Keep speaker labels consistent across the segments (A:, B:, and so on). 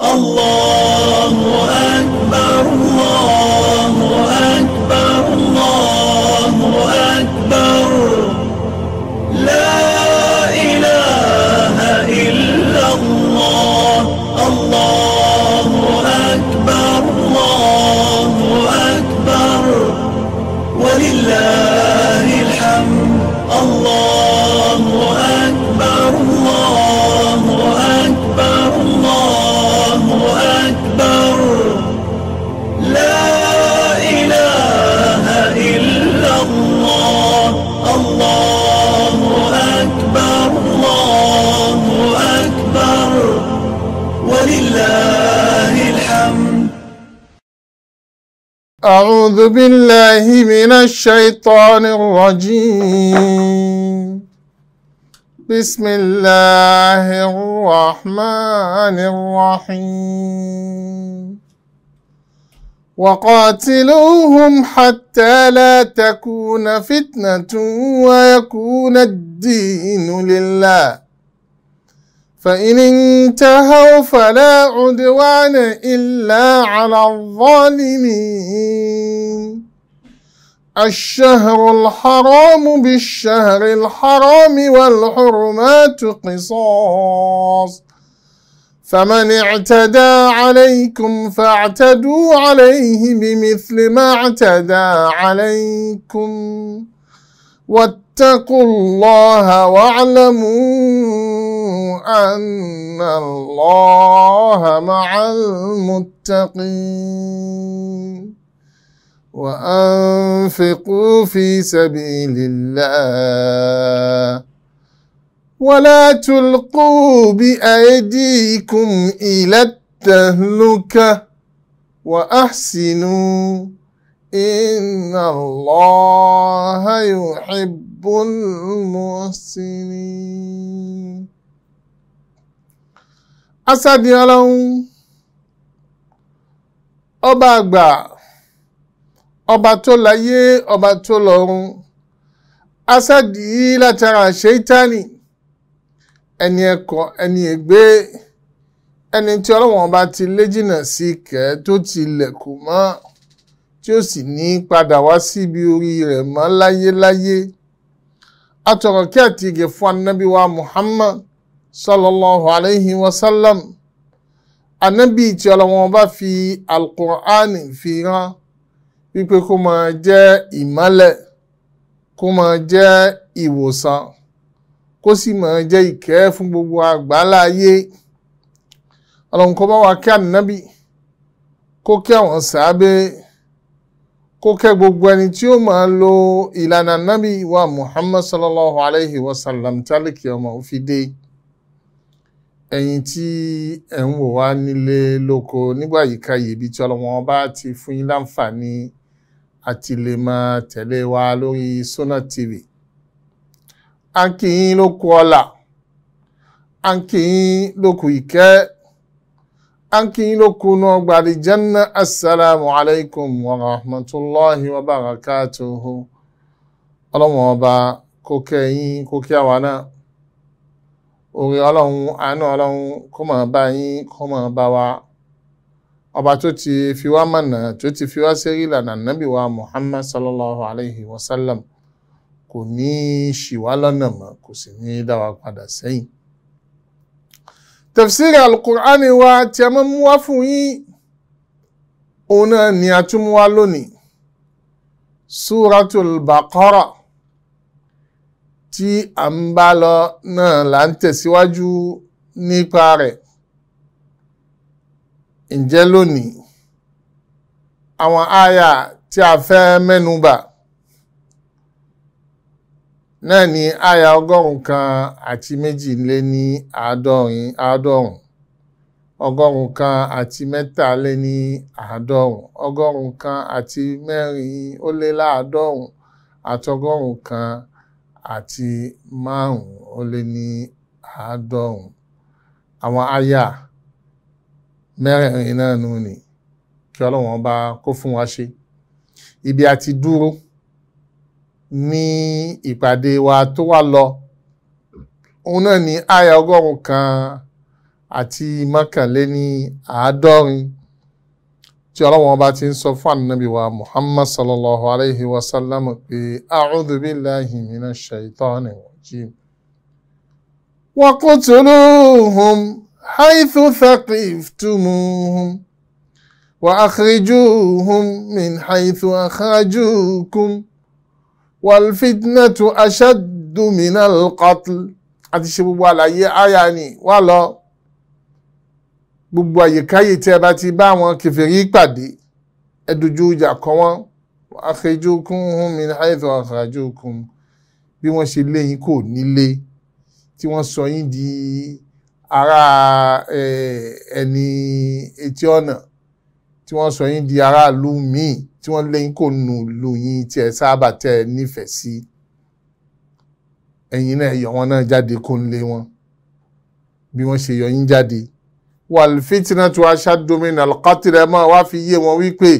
A: الله أكبر الله
B: أعوذ بالله من الشيطان الرجيم بسم الله الرحمن الرحيم وقاتلوهم حتى لا تكون فتنة ويكون الدين لله فإن انتهوا فلا عدوان إلا على الظالمين الشهر الحرام بالشهر الحرام والحرمات قصاص فمن اعتدى عليكم فاعتدوا عليه بمثل ما اعتدى عليكم واتقوا الله واعلموا أن الله مع المتقين وأنفقوا في سبيل الله ولا تلقوا بأيديكم إلى التهلكة وأحسنوا إن الله يحب المحسنين asadi ọlọ́run ọba àgbà ọba tó láyé ọba tó lọ́run asadi látara ṣeitani ẹni ẹkọ ẹni ègbé ẹni tí ọlọ́wọ́n ọba ti lé jìnnà sí kẹ́ tó ti lẹ̀kùn mọ́ tí ó sì ní padà wá síbi orí rẹ̀ mọ́ láyéláyé atọ̀rọ̀ kí àti ìgè fún anábíwá Muhammad sallallahu alayhi wa sallam anabi tí ọlọ́wọ́n bá fi alukur'ani fi rán wípé kó máa jẹ́ ìmọ́lẹ̀ kó máa jẹ́ ìwòsàn kó sì máa jẹ́ ìkẹ́ fún gbogbo àgbáńlá ayé ọlọ́run kó bá wa kí ànábì kó kí àwọn sàábé kó kẹ́ gbogbo ẹni tí ó máa lo ìlànà ànábì wa muhammad sallallahu alayhi wa tálíkì ọmọ òfìdé. Eyin tí ẹ̀ ń wò wá nílé lóko nígbà yíká ibi tí ọlọ́wọ́n bá ti fún yín láǹfààní àti lè máa tẹ̀lé wa lórí TV a ń kí yín lóko a ń kí yín lóko a ń kí yín lóko náà gbàdí jẹ́nà wa rahmatulahi wa barakatuhu ọlọ́wọ́n ọba kó yín orí ọlọ́run àánú ọlọ́run kó máa bá yín kó máa bá wa ọba tó ti fi wá mọ̀nà tó ti fi wá sérí ìlànà nábì wa Muhammad sallallahu alayhi wa sallam kò ní í ṣì wá lọ́nà mọ́ kò sì ní í dá wa padà sẹ́yìn. tafsir al wa tí a máa mú wá fún yín òun náà ni a tún mú wá lónìí suratul Baqara tí a ń bá lọ náà là ń tẹ̀síwájú nípa rẹ̀ ǹjẹ́ lónìí àwọn àyà tí a fẹ́ mẹ́nubà náà ni àyà ọgọ́rùn kan àti méjì lé ní àádọ́rin àádọ́rùn ọgọ́rùn kan àti mẹ́ta lé ní àádọ́rùn ọgọ́rùn kan àti mẹ́rin ó lé láàádọ́rùn àtọgọ́rùn kan àti márùn-ún ó lé ní àádọ́rùn-ún. Àwọn àyà mẹ́rẹ̀ẹ̀rin náà nù ní kí ọlọ́run ọba kó fún wa ṣe. Ibi àti dúró ní ìpàdé wa tó wá lọ òun náà ni àyà ọgọ́rùn-ún kan àti mọ́kànléní àádọ́rin جلو باتين صفان نبي محمد صلى الله عليه وسلم أعوذ بالله من الشيطان الرجيم وقتلوهم حيث ثقفتموهم وأخرجوهم من حيث أخرجوكم والفتنة أشد من القتل أتشبوا ولا يعني ولا gbogbo àyèkáyè tí ẹ bá ti bá àwọn kèfèrí pàdé ẹ dojú ìjà kọ wọ́n akhrijukum min haythu akhrajukum bí wọ́n ṣe lé kò nílé tí wọ́n sọ yín di ara ẹni etí ọ̀nà tí wọ́n sọ yín di aráàlú míì tí wọ́n lé yín kò nù lù yín tí ẹ sábà tẹ́ ẹ nífẹ̀ẹ́ sí ẹ̀yin náà yọ wọn náà jáde kó ń lé wọn bí wọ́n ṣe yọ yín jáde wàlfitìnà tó aṣáájú mi nà lọ́kàtìrẹ́ máa wá fi yé wọn wípé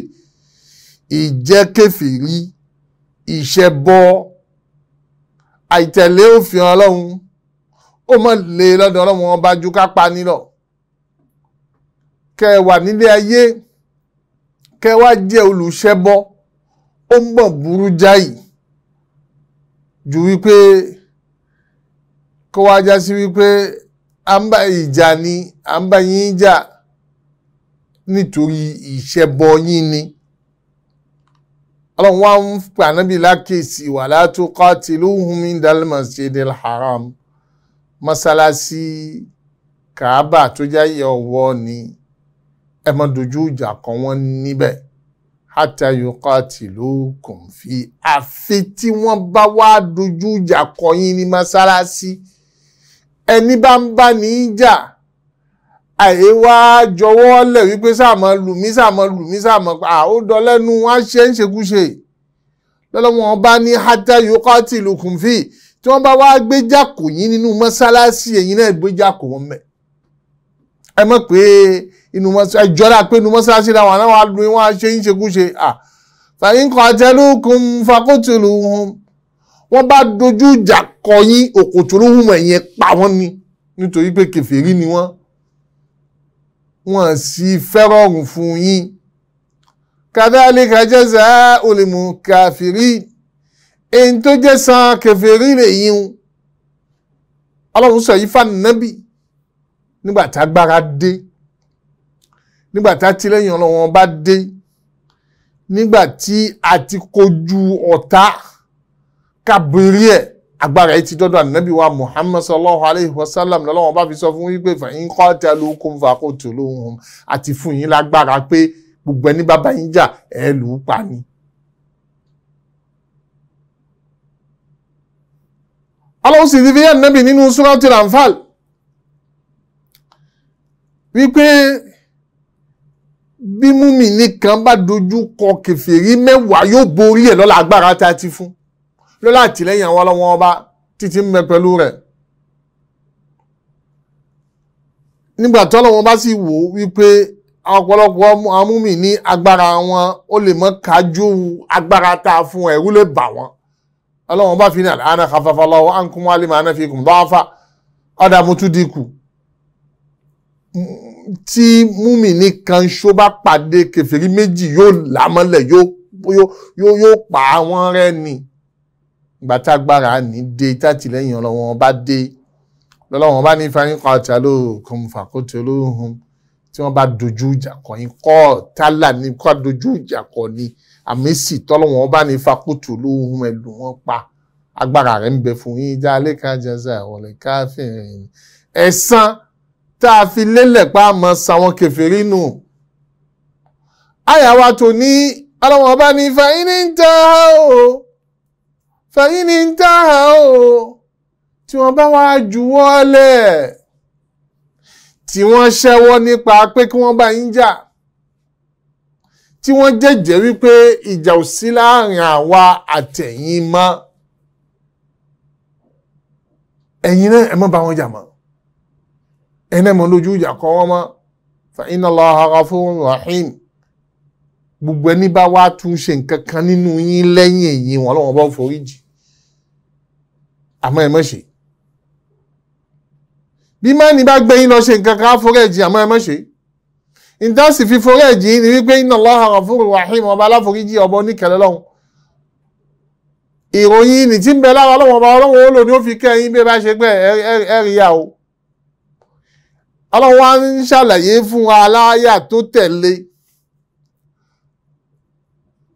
B: ìjẹ́ kẹfìrí ìṣẹ́ bọ́ àìtẹ̀lé òfin ọlọ́run ó mọ̀ lé lọ́dọ̀ ọlọ́run wọn bá ju ká pa nílọ. kẹ wà nílé ayé kẹ wá jẹ́ olùṣẹbọ ó mọ̀ burú jáì ju wípé kó wá já sí wípé à ń bá ìjà ni à ń bá yín jà nítorí ìṣẹbọ yín ni ọlọ́run wá ń pa ànábì lákèsí wala tuqatiluhum indal masjidil haram mọ́sálásí kàábà tó jáyẹ ọwọ́ ni ẹ má dojú ìjà kan wọ́n níbẹ̀ hatta yuqatilukum fi àfi tí wọ́n bá wá dojú ìjà kọ yín ní mọ́sálásí. Si ẹni bá ń bá ní í jà àyè wá jọwọ́ lẹ̀ wípé sàmọ́ lùmí sàmọ́ lùmí sàmọ́ ó dọ́lẹ́nu wá ṣe ń ṣekúṣe lọ́lọ́wọ́n bá ní hátà yuqatilukum fi tí wọ́n bá wá gbé jàkò yín nínú mọ́sálásí ẹ̀yin náà gbé jàkò wọn mẹ́ ẹ mọ̀ pé inú mọ́sálásí ẹjọ́ra pé inú mọ́sálásí làwọn náà wá lóyún wá ṣe ń ṣekúṣe fa in qatalukum faqtuluhum wọ́n bá dojú ìjà kọ yín òkòtòlóhùn ẹ̀yẹn pa wọ́n ni nítorí pé kèfèrí ni wọ́n wọ́n sì fẹ́rọ̀rùn fún yín kadhalika jazaa'ul mukafirin èyí tó jẹ́ san kèfèrí lèyí ń ọlọ́run sọ yìí fànàbì nígbà tá agbára dé nígbà tá tìlẹ́yìn ọlọ́run bá dé nígbà tí a ti kojú ọ̀tá kábìrì ẹ̀ agbára yìí ti dọ́dọ̀ ànábì wa muhammad sallallahu alayhi wa sallam lọ́lọ́wọ́n bá fi sọ fún wípé fa in qatalukum faqtuluhum àti fún yín lágbára pé gbogbo ẹni bàbá yín jà ẹ lù ú pa ni. ọlọ́run sì ti fi hàn nábì nínú suratul anfal wípé bí múmi nìkan bá dojú kọ kèfèrí mẹ́wàá yóò borí ẹ̀ lọ́la agbára tá a ti fún lọ́la àtìlẹ́yìn àwọn ọlọ́wọ́n ọba títí ń bẹ pẹ̀lú rẹ̀ nígbà tọ́lọ́wọ́n bá sì wò wípé ọ̀pọ̀lọpọ̀ amúmi ní agbára wọn ó lè mọ́ kájú agbára tá a fún ẹ̀rú lè bà wọ́n ọlọ́wọ́n bá fi ní àná kàfàfà lọ́wọ́ à ń kún wálé màá náà fi kùn bá fà ọ̀dà mo tún dínkù tí múmi ní ṣó bá pàdé kèfèrí méjì yóò lámọ́lẹ̀ yóò pa wọ́n rẹ́ ni ìgbà ni ní dé tátìlẹ́yìn ọlọ́wọ́n bá dé lọ́lọ́wọ́n bá ní fáyínká ọ̀tá ló kàn olóhùn tí wọ́n bá dojú ìjà yín kọ́ tálà ní kọ́ dojú ìjà ni àmísì tọ́lọ́wọ́n bá ní fàkótó olóhùn ẹ̀ lù wọ́n pa agbára rẹ̀ ń bẹ fún yín já lẹ́ka jẹ́sà ìwọ̀lẹ̀ káfíìn ẹ̀san tá a fi lélẹ̀ pa àmọ́ sàwọn kẹfẹ́rí nù àyàwó àtò ní ọlọ́wọ́n bá ní fáyín ní ń tẹ́ ọ́ fẹ̀yìn ní ń tà á o tí wọ́n bá wá juwọ́ lẹ̀ tí wọ́n ṣẹ́wọ́ nípa pé kí wọ́n bá yín jà tí wọ́n jẹ́jẹ́ wípé ìjà ò sí láàrin àwa àtẹ̀yìn mọ́ ẹ̀yin náà ẹ má bá wọn jà mọ́ ẹ̀yin mọ́ lójú ìjà kọ́ wọ́n mọ́ fa inna Allaha ghafurun rahim gbogbo ẹni bá wá tún ṣe nǹkan kan nínú yín lẹ́yìn èyí wọn lọ́wọ́ bá forí jì àmọ́ ẹ má ṣe bí mẹ́ni bá gbé yín lọ ṣe nǹkan kan àforíjì àmọ́ ẹ má ṣe ìdásí fíforíjì ni wípé inna Allaha ghafurur rahim ọba aláforíjì ọba oníkẹlẹ́ lọ́hùn ìròyìn nì tí ń bẹ lára ọlọ́wọ́n ọba ọlọ́wọ́n ó lò ní ó fi kẹ́yìn bí ẹ bá ṣe pẹ́ ẹ rí ya o ọlọ́wọ́n á ń ṣàlàyé fún aláyà tó tẹ̀lé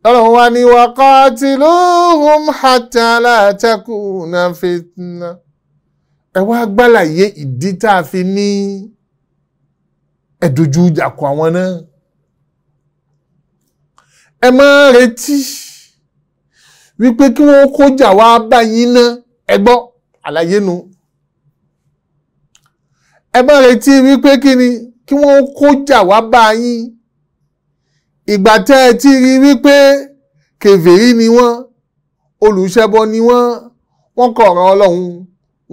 B: lọ́rùn wa ni wa qatiluhum hatta la takuna fitna ẹ wá gbàlàyé ìdí tá a fi ní ẹ̀dójú ìjàkọ̀ àwọn náà ẹ má retí wípé kí wọ́n kójà wá bá yín ná ẹ àlàyé nu ẹ má retí wípé kí wọ́n kójà wá bá yín ìgbà tẹ́ ẹ ti rí wípé kèfèrí ni wọ́n olùṣẹbọ ni wọ́n wọ́n kọ̀rọ̀ ọlọ́run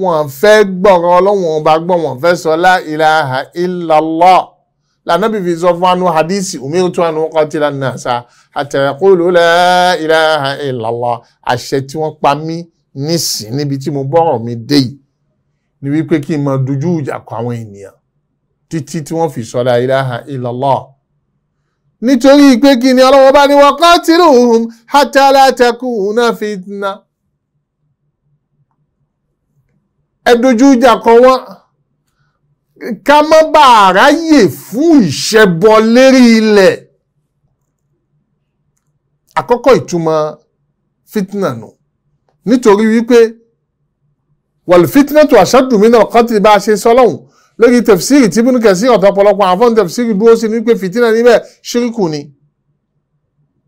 B: wọ́n fẹ́ gbọ̀rọ̀ ọlọ́run ọba gbọ́ wọ́n fẹ́ sọ la ilaha illallah lànàbí fi sọ fún anu hadisi umirtu anu qatila nasa hatta yaqulu la ilaha illallah àṣẹ tí wọ́n pa mí nísìn níbi tí mo bọ́rọ̀ mi dé yìí ni wípé kí n máa dojú ìjà kọ àwọn ènìyàn títí tí wọ́n fi sọ la ilaha illallah nítorí pé kí ni ọlọ́wọ́ bá ní wọ́n kọ́ tìrù hùm hatta la takuna fitna. ẹ dojú ìjà kan wọ́n ká má bàa ráyè fún ìṣẹ́bọ lérí ilẹ̀. àkọ́kọ́ ìtumọ̀ fitna nù nítorí wípé wal fitnatu ashaddu minal qatl bá a ṣe sọ lórí tẹ̀fsírì tí bínú kẹ̀sí ọ̀tọ̀ ọ̀pọ̀lọpọ̀ àfọ́n tẹ̀fsírì dúró sí ní pé fìtínà níbẹ̀ ṣíríkù ni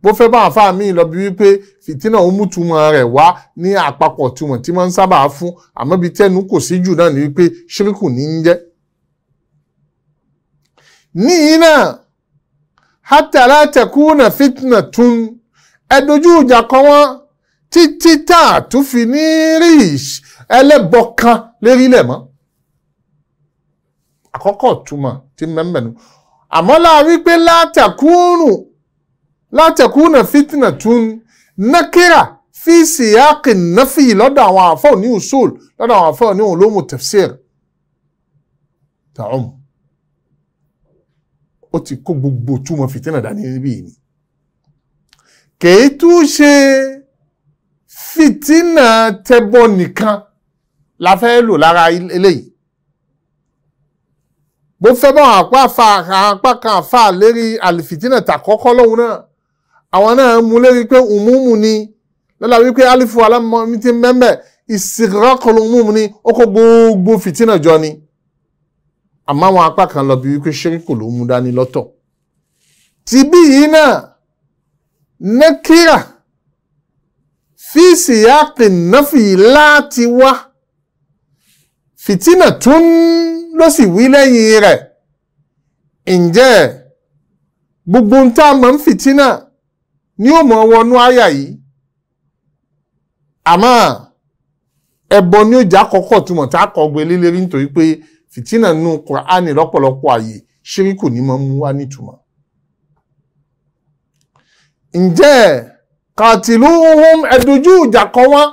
B: bó fẹ́ bá àfa mi lọ bí wípé fìtínà ó mú túmọ̀ rẹ̀ wá ní àpapọ̀ túmọ̀ tí máa ń sábà fún àmọ́ bí tẹ́nu kò sí jù náà ni wípé ṣíríkù ní ń jẹ́. níyì náà hatta la takuna fitnatun ẹ dojú ìjà kọ wọ́n títí tá fi ní rí ẹlẹ́bọ kan lérílẹ̀ mọ́ àkọ́kọ́ túmọ̀ tí mẹ́mbẹ̀ nù àmọ́ láàrí pé látẹ̀kúnù látẹ̀kúnà fitna tún nákírà fi síyáàkì náfì lọ́dọ̀ àwọn àfọ́ ní usul lọ́dọ̀ àwọn àfọ́ ní olómù tafsir ta'um ó ti kó gbogbo túmọ̀ fitna dání níbí yìí kèé tún ṣe fitna tẹbọ nìkan la fẹ́ lò lára eléyìí bó fẹ́ bá àpá àfa àpá kan àfa lérí àlìfìtínà tàkọ́kọ́ lóhun náà àwọn náà mú lérí pé umumu ni lọ́la wípé alifu alámọ́mí ti mẹ́mẹ́ ìsìnkọ́kọ̀lù umumu ni ó kó gbogbo fìtínà jọ ni àmọ́ àwọn apá kan lọ bí wípé ṣeríkò ló mú dání lọ́tọ̀ ti yìí náà nẹ́kírà fíìsì yàpè náfì láti wá fìtínà tún ló sì wí lẹ́yìn rẹ̀ ǹjẹ́ gbogbo ń tá a mọ̀ ń fìtínà ní òmò wọnú àyà yìí àmọ́ ẹbọ ní ó jà kọ́kọ́ túmọ̀ tá a kọ́ gbé lélẹ́rí nítorí pé fìtínà nù Kùránì lọ́pọ̀lọpọ̀ àyè ṣíríkù ní mọ́ mú wá nítumọ̀ ǹjẹ́ kàtìlú ohun ẹ̀dùjú ìjà kan wọ́n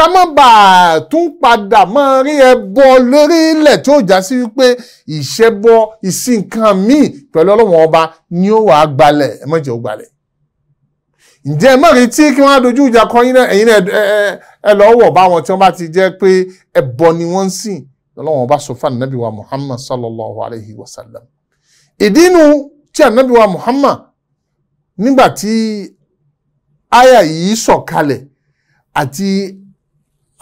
B: ká má bàa tún padà máa rí ẹbọ lórílẹ̀ tí ó já sí wípé ìṣẹ́bọ ìsìnkan míì pẹ̀lú ọlọ́wọ́n ọba ni ó wàá gbalẹ̀ ẹ má jẹ́ ó gbalẹ̀ ǹjẹ́ ẹ má retí kí wọ́n á dojú ìjà kan yín náà ẹ̀yin náà ẹ lọ́wọ́ bá wọn tí wọ́n bá ti jẹ́ pé ẹbọ ni wọ́n ń sìn lọ́wọ́n ọba sọ fún ànábì wa Muhammad sallallahu alayhi wa sallam ìdí inú tí ànábì wa Muhammad nígbà tí àyà yìí sọ̀kalẹ̀ àti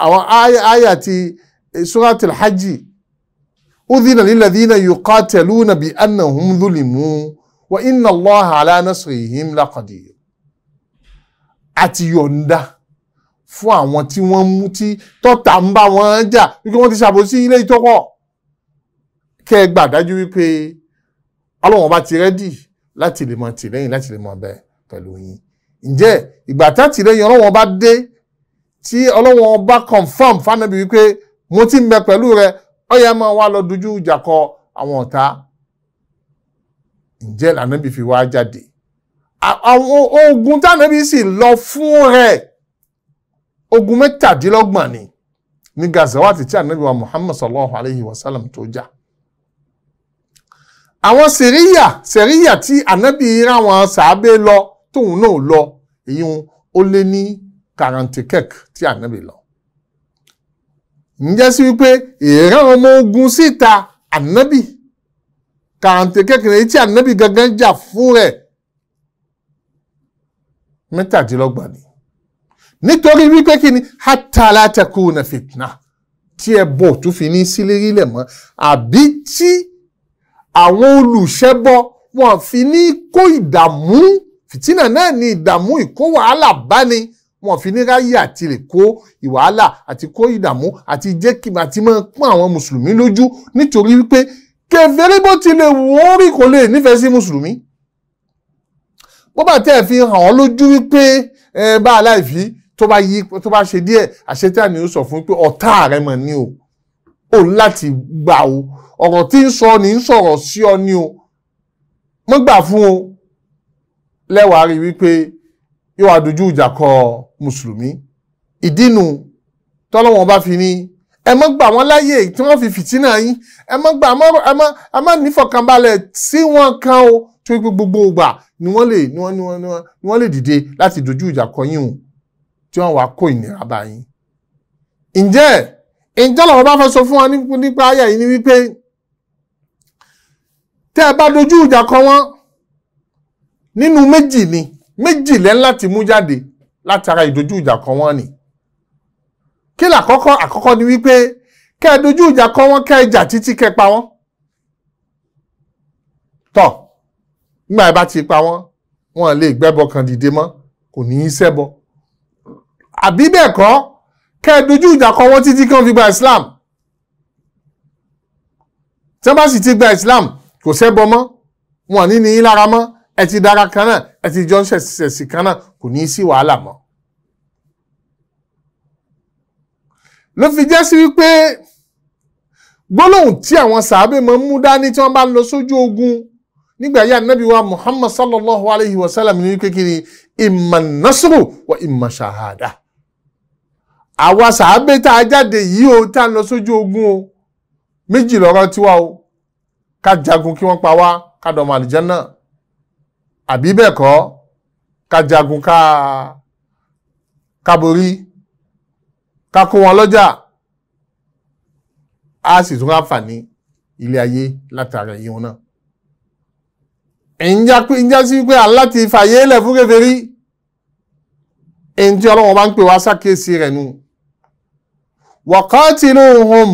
B: àwọn àyà ti eh, suratul hajj udhina lilladhina yuqataluna bi annahum zulimu wa inna allaha ala nasrihim laqadir àti yọ̀ǹda fún àwọn tí wọ́n mú tí tọ́ta ń bá wọn jà wípé wọ́n ti ṣàbòsí ilé ìtọ́kọ̀ kẹ́ ẹ gbà dájú wípé ọlọ́wọ́n bá ti rẹ́dì láti lè mọ̀ tìlẹ́yìn láti lè mọ̀ bẹ́ẹ̀ pẹ̀lú yín ǹjẹ́ ìgbà tá tìlẹ́yìn ọlọ́wọ́n bá dé tí ọlọ́wọ́n ọba confam fánàbí wípé mo ti ń bẹ pẹ̀lú rẹ ó yẹ máa wá lọ dojú ìjà kọ àwọn ọ̀tá ǹjẹ́ lànàbí fi wá jáde àwọn ogun tànàbí sì lọ fún rẹ̀ ogun mẹ́tàdínlọ́gbọ̀n ni ní gazawati tí ànàbí wa Muhammad sallallahu alayhi wa sallam tó jà àwọn sẹ̀ríyà sẹ̀ríyà tí ànàbí ra wọn sàábé lọ tóun náà lọ èyí ó lé ní quarante quelques tí ànábì lọ. ǹjẹ́ sí wípé ìran ọmọ ogun síta ànábì quarante quelques ní tí ànábì gangan jà fún rẹ̀ mẹ́tàdínlọ́gbọ̀n ni nítorí wípé kí ni hátàlátàkù na fitna tí ẹ bọ̀ tó fi ní sílérí lẹ̀ mọ́ àbí tí àwọn olùṣẹ́bọ wọn fi ní kó ìdààmú fìtínà náà ní ìdààmú ìkó wàhálà bá ni. Ko wọn fi ní ráyè àti lè kó ìwàhálà àti kó ìdààmú àti jẹ́ kí àti máa pọ́n àwọn mùsùlùmí lójú nítorí wípé kèfèrí bó ti lè wù ó rí kò lè nífẹ̀ẹ́ sí mùsùlùmí bó bá tẹ́ ẹ̀ fi hàn ọ́ lójú wípé ẹ bá aláìfi tó bá yí tó bá ṣe díẹ̀ àṣetá ni ó sọ fún pé ọ̀tá rẹ mọ̀ ni o ò láti gbà o ọ̀rọ̀ tí ń sọ ni ń sọ̀rọ̀ sí ọ ni o mo gbà fún o lẹ́wàá rí wípé yóò wá dojú ìjà kọ mùsùlùmí ìdínú tọ́lọ́wọ́n bá fi ní ẹ mọ́ gbà wọ́n láyè tí wọ́n fi fìtínà yín ẹ mọ́ gbà ẹ mọ́ nífọ̀kànbalẹ̀ sí wọn kan o tó yẹ gbogbo ìgbà ni wọ́n lè ni wọ́n ni wọ́n ni wọ́n lè dìde láti dojú ìjà kọ yín o tí wọ́n wá kó ìnira bá yín. ǹjẹ́ ǹjẹ́ lọ́wọ́ bá fẹ́ sọ fún wọn nípa ayé yìí ni wípé tẹ́ ẹ bá dojú ìjà kọ wọ́n nínú méjì ni méjì lẹ́ láti mú jáde látara ìdojú ìjà kan wọ́n ni kí làkọ́kọ́ àkọ́kọ́ ni wípé kẹ́ ẹ dojú ìjà kan wọ́n kẹ́ ẹ jà títí kẹ́ ẹ pa wọ́n tọ̀ nígbà ẹ bá ti pa wọ́n wọ́n lè gbẹ́bọ kan dìde mọ́ kò ní í ṣẹbọ àbí bẹ́ẹ̀ kọ́ kẹ́ ẹ dojú ìjà kan wọ́n títí kí fi gba Islam tí wọ́n bá sì ti gba Islam kò ṣẹbọ mọ́ wọn ní ní í lára mọ́ ẹ ti dára kan náà ẹ ti jọ ń ṣẹ̀sì kan náà kò ní í sí wàhálà mọ́. ló fi jẹ́ sí wípé gbólóhùn tí àwọn sàábé máa ń mú dání tí wọ́n bá lọ sójú ogun nígbà yá nábì wa Muhammad sallallahu alayhi wa sallam ní kékeré imma nasru wa imma shahada àwa sàábé tá a jáde yìí o tá a lọ sójú ogun o méjì lọ́rọ̀ tiwa o ká jagun kí wọ́n pa wá ká dọ̀mọ̀ àlùjánnà àbí bẹ́ẹ̀ kọ́ ká jagun ká ká borí ká kó wọn lọ́jà á sì tún ráǹfààní ilé ayé látara èyí wọn náà. ìjà ìjà sí pé aláti fàyè lẹ̀ fún kèfèrí èyí tí ọlọ́wọ́n bá ń pè wá sákèsí rẹ̀ nù. waqatiluhum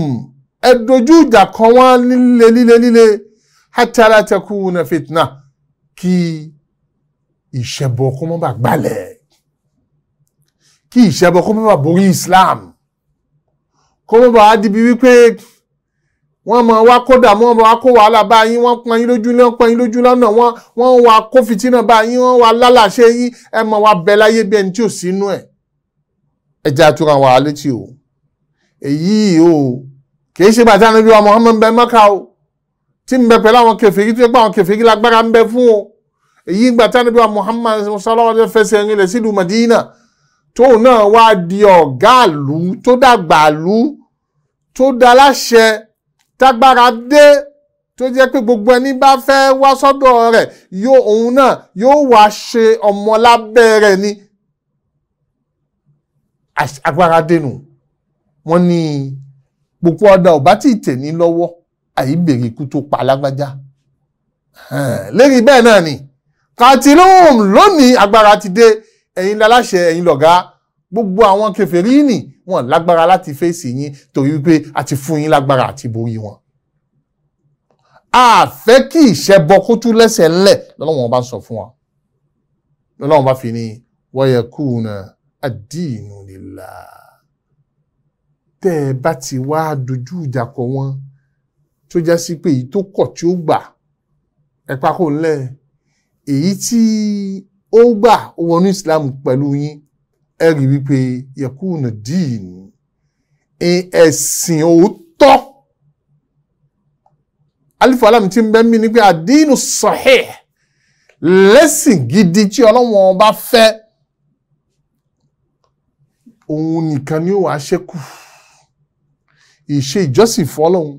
B: ẹ dojú ìjà kan wọ́n líle líle líle hatta fitna kí ìṣẹbọ kó mọ́ bà gbalẹ̀ kí ìṣẹbọ kó mọ́ bà borí Islam kó mọ́ bà á dibi wípé wọ́n mọ̀ wá kódà wọ́n mọ̀ wá kó wàhálà bá yín wọ́n pọn yín lójú náà pọn yín lójú lọ́nà wọ́n wọ́n wá kó fìtínà bá yín wọ́n wá lálàṣẹ yín ẹ mọ̀ wá bẹ láyé bí ẹni tí ò sínú ẹ̀ ẹ jẹ́ àtúrà wà létí o èyí o kìí ṣe bàtà níbi wa Muhammad bẹ Mẹ́kà o tí ń bẹ pẹ̀lú àwọn kèfèrí tó yẹ pé àwọn kèfèrí lágbára ń bẹ fún o èyí gbà tí ànábì wa Muhammad sallallahu alaihi wasallam fẹsẹ̀ sílùú Madina tóun náà wá di ọ̀gá àlú tó dàgbà àlú tó daláṣẹ tágbára dé tó jẹ́ pé gbogbo ẹni bá fẹ́ wá sọ́dọ̀ rẹ̀ yóò òun náà yóò wá ṣe ọmọ lábẹ́ rẹ̀ ni agbára dénú wọ́n ní gbogbo ọ̀dà ọ̀bá tí ì tẹ̀ ní lọ́wọ́ àyíbèrè ikú tó pa alágbájá lérí bẹ́ẹ̀ náà ni katilum lónìí agbára ti dé ẹ̀yin láláṣẹ ẹ̀yin lọ̀gá gbogbo àwọn kèfèrí nì wọ́n lágbára láti fèsì yín torí wípé a ti fún yín lágbára àti borí wọn. a fẹ́ kí ìṣẹ́bọ kó tún lẹ́sẹ̀ ńlẹ̀ lọ́lọ́wọ́n bá sọ fún wa lọ́lọ́wọ́n bá fi ní wayakuna ad-dinu lillah tẹ́ ẹ bá ti wá dojú ìjà kọ wọn tó já sí pé èyí tó kọ̀ tí ó gbà ẹ̀ pákó ńlẹ̀ èyí tí ó gbà ó wọnú islam pẹ̀lú yín ẹ rí wípé yẹkùnà díìn ẹ̀sìn òótọ́ alifu alam ti ń bẹ́ mí ni pé àdínù sahih lẹ́sìn gidi tí ọlọ́wọ́n bá fẹ́ òun nìkan ni ó wàá ṣẹ́kù ìṣe ìjọsìn fọlọ́hun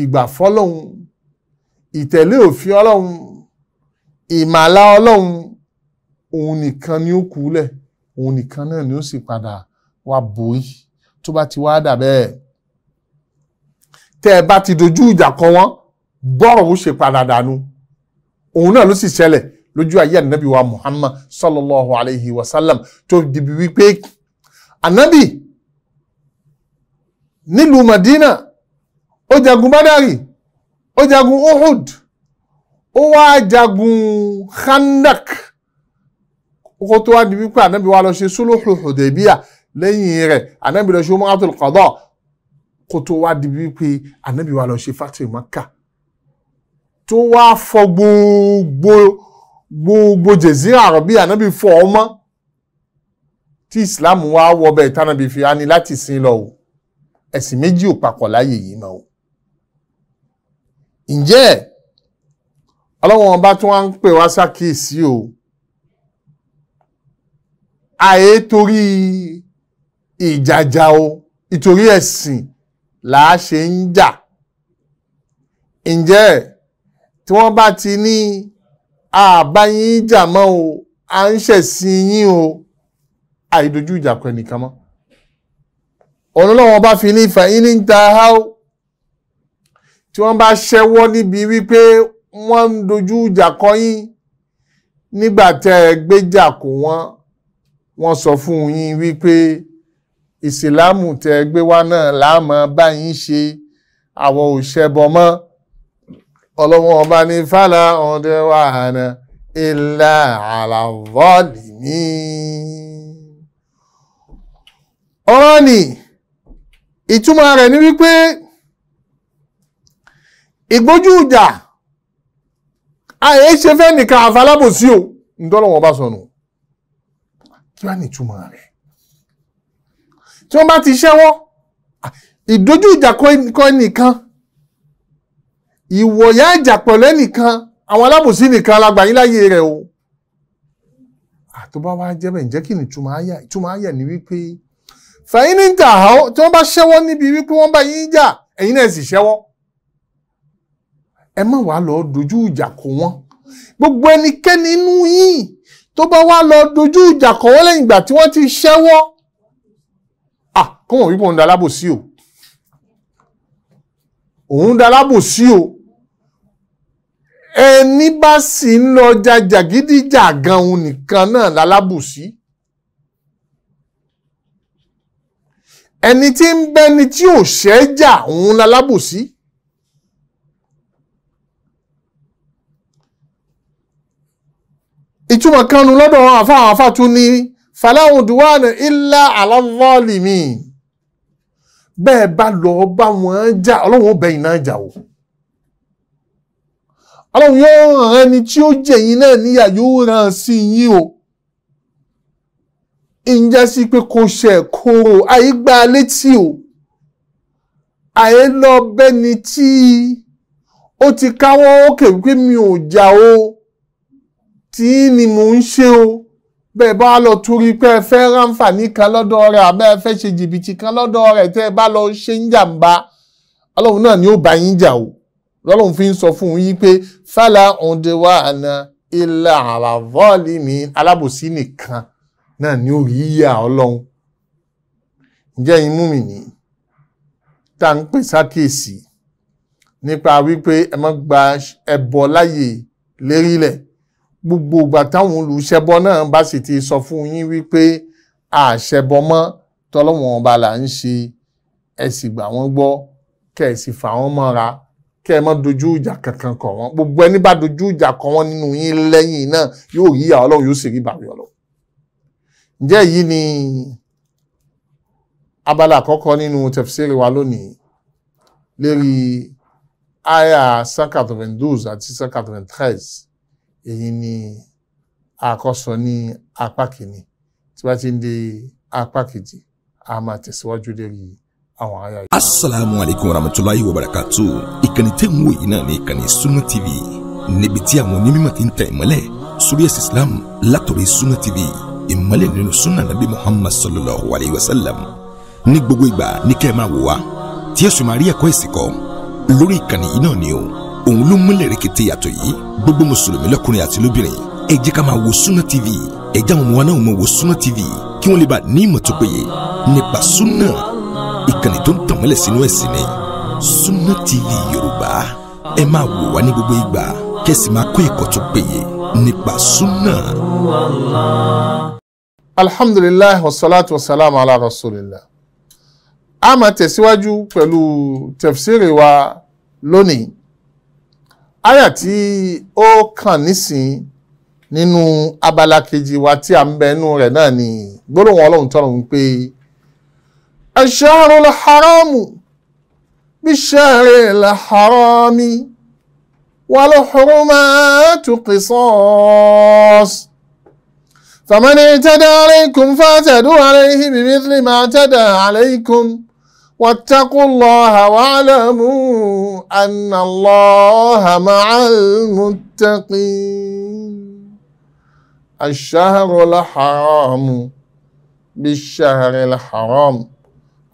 B: ìgbà fọlọ́hun ìtẹ̀lé òfin ọlọ́hun ìmàlà ọlọ́run òun nìkan ni ó kúlẹ̀ òun nìkan náà ni ó sì padà wá borí tó bá ti wá dà bẹ́ẹ̀ tẹ́ ẹ bá ti dojú ìjà kọ wọ́n bọ́rọ̀ ó ṣe padà dànù òun náà ló sì ṣẹlẹ̀ lójú ayé ànábì wa Muhammad sallallahu alayhi wa sallam tó dìbì wípé ànábì nílùú Madina ó jagun Badari ó jagun Uhud ó wá jagun khandak kó tó wá di wípé ànábì wa lọ ṣe suluhu hudaybiyah lẹ́yìn rẹ̀ ànábì lọ ṣe umratul qada kó tó wá di wípé ànábì wa lọ ṣe fatih Makkah tó wá fọ gbogbo gbogbo jezira àròbí ànábì fọ ọmọ tí islam wá wọbẹ̀ ìtànàbì fi á láti sin lọ o ẹ̀sìn méjì ò papọ̀ láyè yìí mọ́ o ǹjẹ́ ọlọ́wọ́n ọba tí wọ́n ń pè wá ṣàkíyèsí o àyè torí ìjàjà o ìtorí ẹ̀sìn làá ṣe ń jà ǹjẹ́ tí wọ́n bá ti ní àbáyín jà mọ́ o à ń ṣẹ̀sìn yín o àìdojú ìjà kọ ẹnìkan mọ́ ọlọ́wọ́n bá fi ní ìfà ní ń ta háó tí wọ́n bá ṣẹ́wọ́ níbi wípé wọ́n ń dojú ìjà kọ yín nígbà tẹ́ ẹ gbéjà kò wọ́n wọ́n sọ fún yín wípé ìsìláàmù tẹ́ ẹ gbé wá náà láàmọ́ bá yín ṣe àwọn òṣèbọ mọ́ ọlọ́wọ́n ọba ní fàlà ọ̀dẹ wàhánà ilà àlàvọ́ọ̀lì ní. ọ̀rọ̀ ni ìtumọ̀ rẹ̀ ni wípé ìgbójú ìjà àyè e ṣe fẹ́ nìkan àfalábòsí o ntọ́lọ́wọ́n bá sọnù kí wàá nìtumọ̀ rẹ̀ tí wọ́n bá ti ṣẹ́wọ́ ìdójú ìjà kọ́ nìkan ìwòyà ìjà pẹ̀lú ẹnìkan àwọn alábòsí nìkan lágbàáyé láyé rẹ̀ o àtọ́bá wa jẹ́ bẹ́ẹ̀ ǹjẹ́ kí ni ìtumọ̀ ayà ìtumọ̀ ayà ni wípé fẹ̀yìn ní ìjà tí wọ́n bá ṣẹ́wọ́ níbi wípé wọ́n bá yín jà ẹ̀yin náà sì ṣẹ́wọ́ ẹ má wàá lọ dojú ìjà kọ wọn gbogbo ẹnikẹ́ni inú yín tó bá wá lọ dojú ìjà kọ wọn lẹ́yìn ìgbà tí wọ́n ti ṣẹ́wọ́ à ah, kó wọn wípé òun da alábòsí o òun da alábòsí o ẹni bá sì ń lọ jàjàgídíjà gan òun nìkan náà lálábòsí. ẹni tí ń bẹ́ni tí ò ṣẹ́ jà òun lálábòsí. ìtumọ̀ kanu lọ́dọ̀ wọn àfa àwọn àfa tún ní faláhùn duwánù ilá àlọ́lọ́lìmí bẹ́ẹ̀ bá lọ bá wọn jà ọlọ́run ó bẹ̀yìn náà jà o ọlọ́run yóò ràn ẹni tí ó jẹ̀yìn náà níyà yóò ràn sí yín o ìjẹ́ sí pé kò ṣe kóró àyígbá létí o àyè lọ bẹ́ni tí ó ti káwọ́ òkè wípé mi ò jà o tí ni mò ń ṣe o bẹ́ẹ̀ bá lọ torí pé ẹ fẹ́ ráǹfààní kan lọ́dọ̀ rẹ̀ àbẹ́ ẹ fẹ́ ṣe jìbìtì kan lọ́dọ̀ rẹ̀ tẹ́ ẹ bá lọ ṣe ń jàǹbá ọlọ́run náà ni ó bá yín jà o lọ́lọ́run fi ń sọ fún un yí pé fálà ọ̀ǹdẹ̀wà àna ilà àràvọ́ọ̀lì mi alábòsí nìkan náà ni ó rí yíyà ọlọ́run ǹjẹ́ yín mú mi ní tá à ń pè sákèsì nípa wípé ẹ má gba ẹbọ láyè lérílẹ̀ gbogbo ìgbà táwọn olùṣẹbọ náà bá sì ti sọ fún yín wípé àṣẹbọ mọ́ tọ́lọ́wọ́n ba là ń ṣe ẹ sì gbà wọ́n gbọ́ kẹ́ ẹ sì fà wọ́n mọ́ra kẹ́ ẹ má dojú ìjà kankan kọ̀ wọ́n gbogbo ẹni bá dojú ìjà kọ̀ wọ́n nínú yín lẹ́yìn náà yóò yí ìyà ọlọ́run yóò sì rí bàbí ọlọ́run. ǹjẹ́ èyí ni abala àkọ́kọ́ nínú tẹ̀físírì wa lónìí lérí aya 192 àti 193 èyí ni àkọ́sọ ní apá kìíní tí wọ́n ti ń dé apá kejì a máa tẹ̀síwájú lórí àwọn àyà yìí. asalaamualeykum warahmatulahi wabarakatu ìkànnì tẹ́ ń wò yìí náà ní ìkànnì Sunna TV níbi tí àwọn onímọ̀ ti ń tẹ̀ ìmọ́lẹ̀ sórí ẹ̀sìn Islam látòrí Sunna TV ìmọ́lẹ̀ nínú sunna nabi Muhammad sallallahu alayhi wa sallam ní gbogbo ìgbà ní kẹ́ ẹ máa wò wá tí ẹ máa rí ẹ̀kọ́ ìsìnkọ́ lórí ìkànnì yìí náà ni o òun ló múlẹ̀ rẹ̀kẹ̀tẹ̀ yàtọ̀ yìí gbogbo mùsùlùmí lọ́kùnrin àti lóbìnrin ẹ jẹ́ ká máa wo Sunna TV ẹ jẹ́ àwọn ọmọ wa náà máa wo Sunna TV kí wọ́n lè bá ní ìmọ̀ tó péye nípa Sunna ìkànnì tó ń tànmọ́lẹ̀ sínú ẹ̀sìn ni Sunna TV Yorùbá ẹ máa wò wá ní gbogbo ìgbà kẹ́sì máa kọ́ ẹ̀kọ́ tó péye nípa Sunna. alhamdulilayi wasalaatu wasalaamu ala rasulillah a máa tẹ̀síwájú pẹ̀lú tafsiri wa lónìí àyà tí ó kàn nísìn nínú abala kejì wa tí a ń bẹ inú rẹ̀ náà ni gbólóhùn ọlọ́run tọrọ ń pé ash-shahrul haramu bish-shahril harami wal hurumatu qisas. فمن اعتدى عليكم فاعتدوا عليه بمثل ما اعتدى عليكم واتقوا الله واعلموا ان الله مع المتقين الشهر الحرام بالشهر الحرام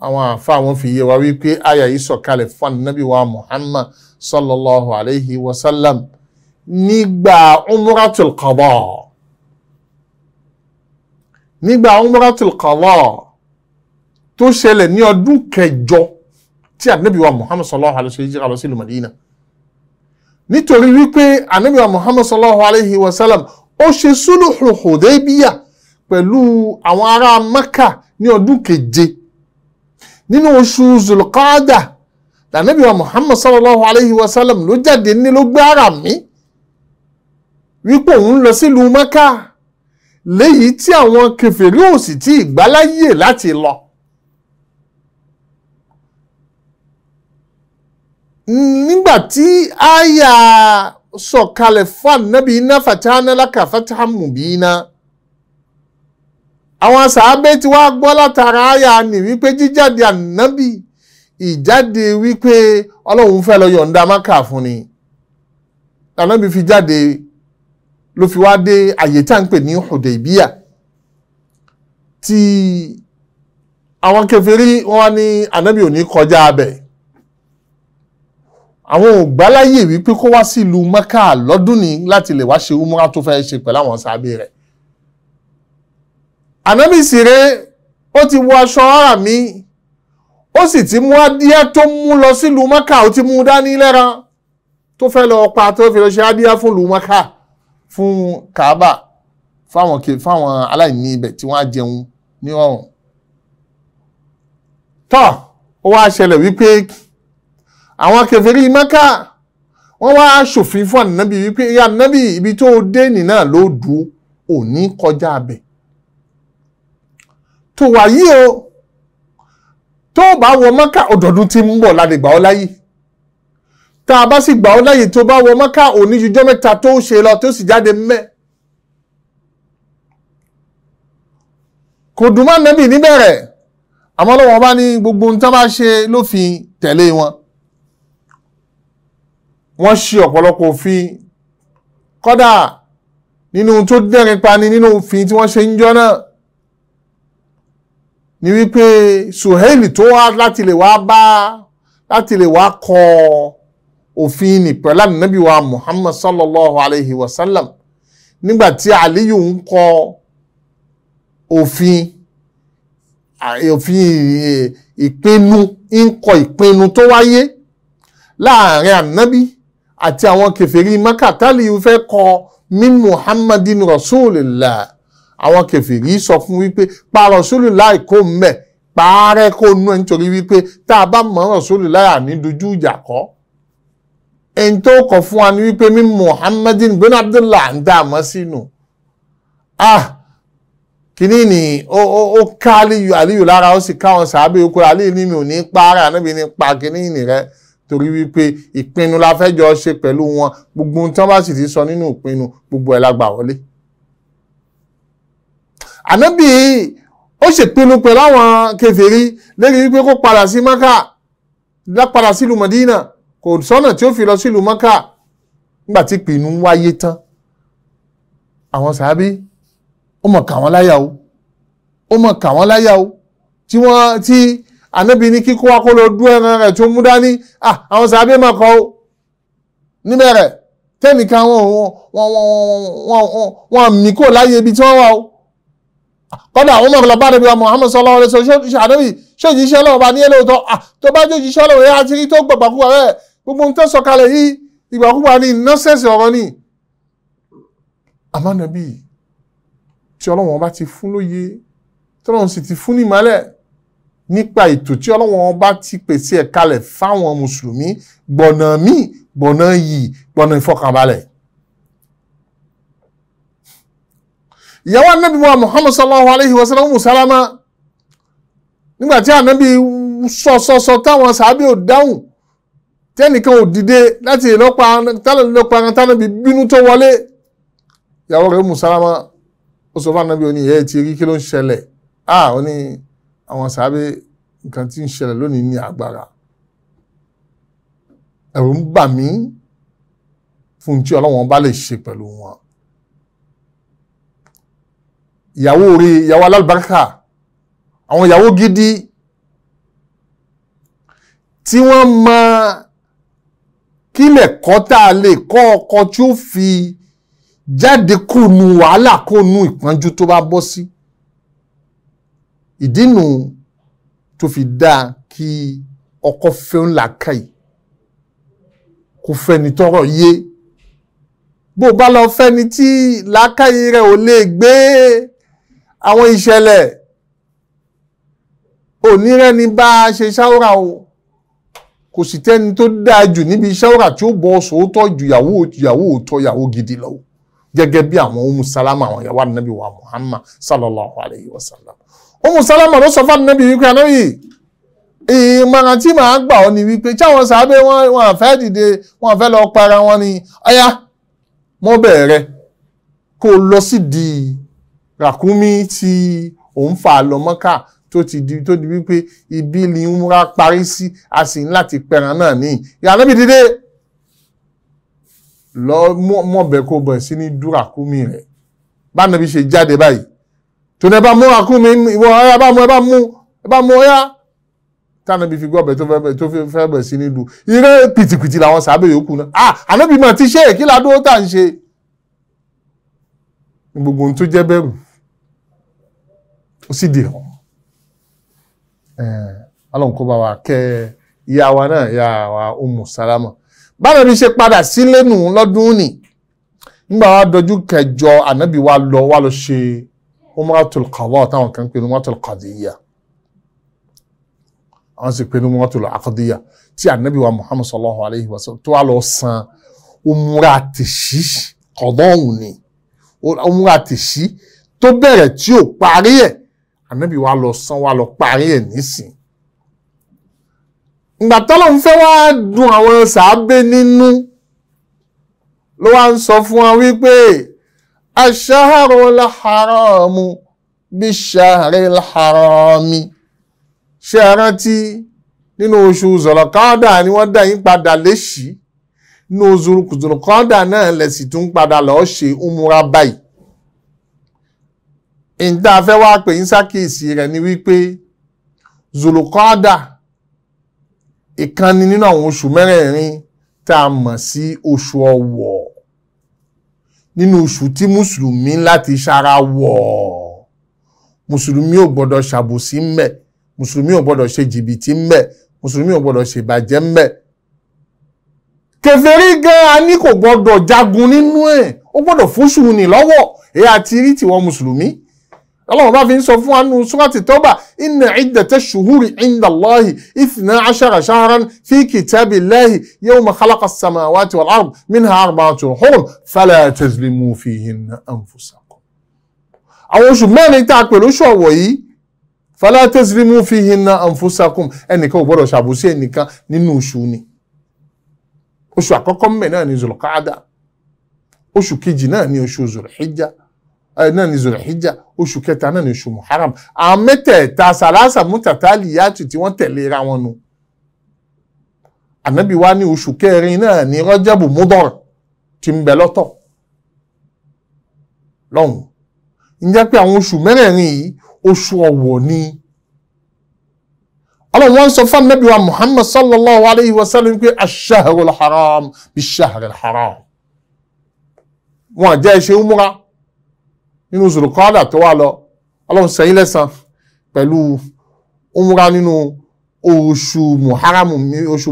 B: اما فهم في يوابيك ايه يسوع كالفا النبي ومحمد صلى الله عليه وسلم نيبا عمرة القضاء نيبا عمرة القضاء tó ṣẹlẹ̀ ní ọdún kẹjọ tí ànábì wa muhammad sallallahu alayhi wa sallam jíra lọ sí ìlú madina nítorí wípé ànábì wa muhammad sallallahu alayhi wa sallam ó ṣe suluhu hudaybiya pẹ̀lú àwọn ará maka ní ọdún keje nínú oṣù zulqaada ànábì wa muhammad alayhi wa sallam ló jáde ní ló gbé ara mi wípé òun lọ sílùú maka léyìí tí àwọn kèfèrí ò sì tí ì láti lọ. nígbà tí àyà sọ̀kalẹ̀ fan nábì iná fatahana laka fatahan mubina àwọn sàábé tí wàá gbọ́ látara àyà ni wípé jíjáde ànábì ìjáde wípé ọlọ́run fẹ́ lọ yọ̀ǹda máka fún ni ànábì fi jáde ló fi wá dé àyè tá à ń pè ní Hudaybiya tí àwọn kèfèrí wọn ní ànábì ò ní kọjá abẹ́ àwọn ò gbà láyè wípé kó wá sí ìlú mẹ́kà lọ́dún ní láti lè wá ṣe umra tó fẹ́ ṣe pẹ̀lú àwọn sábẹ́ rẹ̀ ànábì sire ó ti wọ aṣọ ara mi ó sì ti mú adíẹ tó mú lọ sílùú mẹ́kà ó ti mú dání lẹ́ran tó fẹ́ lọ pa tó fi lọ ṣe adíẹ fún ìlú mẹ́kà fún kaaba fáwọn aláìní ibẹ̀ tí wọ́n á jẹun ní ọ̀run tọ́ ó wá ṣẹlẹ̀ wípé àwọn kèfèrí Mákà wọ́n wá aṣòfin fún ànábì wípé ìyá ànábì ibi tó o dé nì náà ló dùn ò ní kọjá abẹ tó wà yí o tó o bá wọ Mákà ọdọọdún tí ń bọ̀ ládé gbà ọ́ láyé tá a bá sì gbà ọ́ láyè tó bá wọ Mákà òní jújọ́ mẹ́ta tó ṣe lọ tó sì jáde mẹ́ kò dùn mọ́ ànábì níbẹ̀rẹ̀ àmọ́ lọ́wọ́ bá ní gbogbo ohun tá a bá ṣe lófin tẹ̀lé wọn wọ́n ṣe ọ̀pọ̀lọpọ̀ òfin kọ́dà nínú tó dẹ́rin pani nínú òfin tí wọ́n ṣe ń jọ náà ni wípé Suhail tó wá láti lè wá bá láti lè wá kọ òfin ní pẹ̀lú ànábì wa Muhammad sallallahu alayhi wa sallam nígbà tí Aliyu ń kọ òfin òfin ìpinnu ń kọ ìpinnu tó wáyé láàrin ànábì àti àwọn kẹfẹ́rí mẹ́kà tálíù fẹ́ kọ min muhammadin rasulillah àwọn kẹfẹ́rí sọ fún wípé pa rasulillah kò mẹ́ pààrẹ kò nú ẹ̀ nítorí wípé tá a bá mọ̀ rasulillah àní dojú ìjà kọ́ ẹni tó kọ̀ fún wa ni wípé min muhammadin bin abdullah ń dá a mọ́ sínú ah kìíní ni ó ó ó ká aliyu aliyu lára ó sì ká wọn sàábẹ̀ yòókù aliyu ni mi ò ní pa ara ní pa kìíní ni rẹ torí wípé ìpinnu la fẹ́ jọ ṣe pẹ̀lú wọn gbogbo tí wọ́n bá sì ti sọ nínú ìpinnu gbogbo ẹ̀ la wọlé. ànábì ó ṣèpinnu pẹ̀lú àwọn kèfèrí lérí wípé kó padà sí maka lápadà sílùú Mọ̀dínà kò sọ́nà tí ó fi lọ sílùú maka nígbà tí ìpinnu wáyé tán àwọn sàábí ó mọ̀ kà wọ́n láyà o ó mọ̀ kà wọ́n láyà o tí wọ́n ti. Wan, ti ànábì ní kíkó wa kó lọ dú ẹran rẹ̀ tó mú dání ah, àwọn sàbẹ̀ máa kọ́ ọ níbẹ̀rẹ̀ tẹ́nìkan wọn mí kó láyé ibi tí wọ́n wà ó kọ́dà àwọn ọmọ ọ̀gbọ̀n bá wa Muhammad sọlá ọ̀rẹ́ sọ ṣàdébì ṣèjì iṣẹ́ ọlọ́run bá ní ẹlẹ́ òótọ́ ah, tó bá jòjì iṣẹ́ ọlọ́run yá ti rí tó gbọ̀gbàkúgbà rẹ̀ gbogbo ohun tó sọ kalẹ̀ yìí ìgbàkúgbà ní nọ́sẹ̀sì ọ̀rọ̀ ni. àmọ́ nàbí tí ọlọ́run bá ti fún lóye tọ́lọ́run sì ti fún ní ìmọ̀lẹ́ nípa ètò tí ọlọ́wọ́n bá ti pèsè ẹ̀ kalẹ̀ fáwọn mùsùlùmí gbọ̀nà míì gbọ̀nà yìí gbọ̀nà ìfọkànbalẹ̀. ìyàwó anábì wa muhammad sallallahu alayhi wa sallam musalama nígbà tí anábì sọ̀sọ̀sọ̀ táwọn sàábì ò dáhùn tẹ́nìkan ò dìde láti ìlọ́pàá tánàbì bínú tó wọlé ìyàwó rẹ̀ musalama ó sọ fún anábì ó ní ẹ̀ ti rí kí ló ń ṣẹlẹ̀ ah ó ní àwọn sàábé nǹkan tí ń ṣẹlẹ̀ lónìí ní agbára ẹ̀rù ń bà mí fún tí ọlọ́wọ́n bá lè ṣe pẹ̀lú wọn ìyàwó rí ìyàwó alálùbáríkà àwọn ìyàwó gidi tí wọ́n mọ kí lẹ̀kọ́ lè kọ́ ọkọ tí ó fi jáde kóònù wàhálà kóònù ìpọ́njú tó bá bọ́ sí. Si ìdínú tó fi dáa kí ọkọ fẹ́ ńlá káyì kò fẹ́ni tọrọ yé bó bá lọ fẹ́ni tí làákàyè rẹ̀ ò lè gbé àwọn ìṣẹ̀lẹ̀ onírẹ́ni bá a ṣe ṣáwúrà o kò sì tẹ́ni tó dáa jù níbi ṣáwúrà tí ó bọ́ sòótọ́ ju ìyàwó ìyàwó òótọ́ ìyàwó gidi lọ gẹ́gẹ́ bí àwọn ohun sálámà àwọn ìyàwó ànábì wa Muhammad sallallahu alayhi wa sallam ọmọ sálámà ló sọ fún ànábì wípé ànábì ìmọ̀ràn tí màá gbà ọ́ ni wípé táwọn sábẹ́ wọn àfẹ́ dìde wọn àfẹ́ lọ para wọn ni ọ̀yá mo bẹ̀rẹ̀ kó o lọ sídìí ràkúnmí tí òun fà lo mọ́kà tó ti di tó di wípé ibi ni umra parí sí a sì ń láti pẹran náà ní ìyá ànábì dìde lọ mọ̀bẹ̀ kó o bẹ̀rẹ̀ sí ní dúràkúnmí rẹ̀ bá ànábì ṣe jáde tó ní ẹ bá mú akún mi ìwọ ẹ bá mú ẹ bá mú ẹ bá mú ọyá tánàbí fi gbọ́ ọbẹ̀ tó fẹ́ tó fẹ́ bẹ̀ sí nílu irẹ́ pìtìpìtì làwọn sàbẹ̀ yòókù náà à ah, ànábì mà ti ṣe èkí ládó tá à ń ṣe gbogbo ohun tó jẹ́ bẹ̀rù ó sì dè hàn ọlọ́run kó bá wa kẹ́ ìyá wa náà ìyá wa Ummu Salama báwo ni ṣe padà sílé nù lọ́dún nì nígbà wa dọjú kẹjọ ànábì wa lọ wa lọ ṣe umratul qada táwọn kan pè ní umratul qadiyya àwọn sì pè ní umratul aqdiyya tí anabi wa muhammad sallallahu alayhi wa sallam tó wà lọ san umra tèṣí qada òun ni umra tèṣí tó bẹ̀rẹ̀ tí ò parí ẹ̀ anabi wa lọ san wa lọ parí ẹ̀ nísìn ìgbà tọ́lọ̀ ń fẹ́ wá dùn àwọn sàábé nínú ló wá ń sọ fún wọn wípé aṣáhàrùl haramu bí ṣàrìl harami ṣe rántí nínú oṣù zọ̀lọ̀kọ́dà ni wọ́n dá yín padà léṣì nínú oṣù zọ̀lọ̀kọ́dà náà lẹ̀sì tún padà lọ́ọ́ ṣe umura báyìí ìdá afẹ́ pè ń ṣàkíyèsí rẹ̀ ni wípé zolokọ́dà ìkan ni nínú àwọn oṣù mẹ́rẹ̀ẹ̀rin tá a mọ̀ sí oṣù ọ̀wọ̀ nínú oṣù tí mùsùlùmí láti ṣara wọ̀ mùsùlùmí ò gbọ́dọ̀ ṣàbòsí ńbẹ̀ mùsùlùmí ò gbọ́dọ̀ ṣe jìbìtì ńbẹ̀ mùsùlùmí ò gbọ́dọ̀ ṣèbàjẹ́ ńbẹ̀ kèfèrí gan a ní kò gbọ́dọ̀ jagun nínú ẹ̀ ó gbọ́dọ̀ fúnṣù ní lọ́wọ́ èyí àti rí tiwọn mùsùlùmí ọlọ́run bá fi ń sọ fún wa nínú súrátì tọ́ba inna iddata shuhuri inda Allahi ithna ashara shahran fi kitabillahi yawma khalaqa as-samawati wal ard minha arba'atun hurum fala tazlimu fihinna anfusakum. àwọn oṣù mẹ́rin tá a pè lóṣù ọ̀wọ̀ yìí fala tazlimu fihinna anfusakum ẹnìkan ò gbọ́dọ̀ ṣàbùsí ẹnìkan nínú oṣù náà ni zulhijja oṣù kẹta náà ni oṣù muharram àwọn mẹ́tẹ̀ẹ̀ta sàlásà mútàtàlì yàtù tí wọ́n tẹ̀lé ra wọn nu ànábì wa ní oṣù kẹrin náà ni rọ́jàbù múdọ̀r ti ń bẹ lọ́tọ̀ lọ́hùn ǹjẹ́ pé àwọn oṣù mẹ́rẹ̀ẹ̀rin yìí oṣù ọ̀wọ̀ ni ọlọ́run wọn sọ fún ànábì wa muhammad sallallahu alayhi wa sallam pé ash haram bi ash haram wọn àjẹ́ ṣe ń nínú zulukọ́dà tó wà lọ ọlọ́run sẹ́yìn lẹ́sàn pẹ̀lú umra nínú oṣù muharamu mi oṣù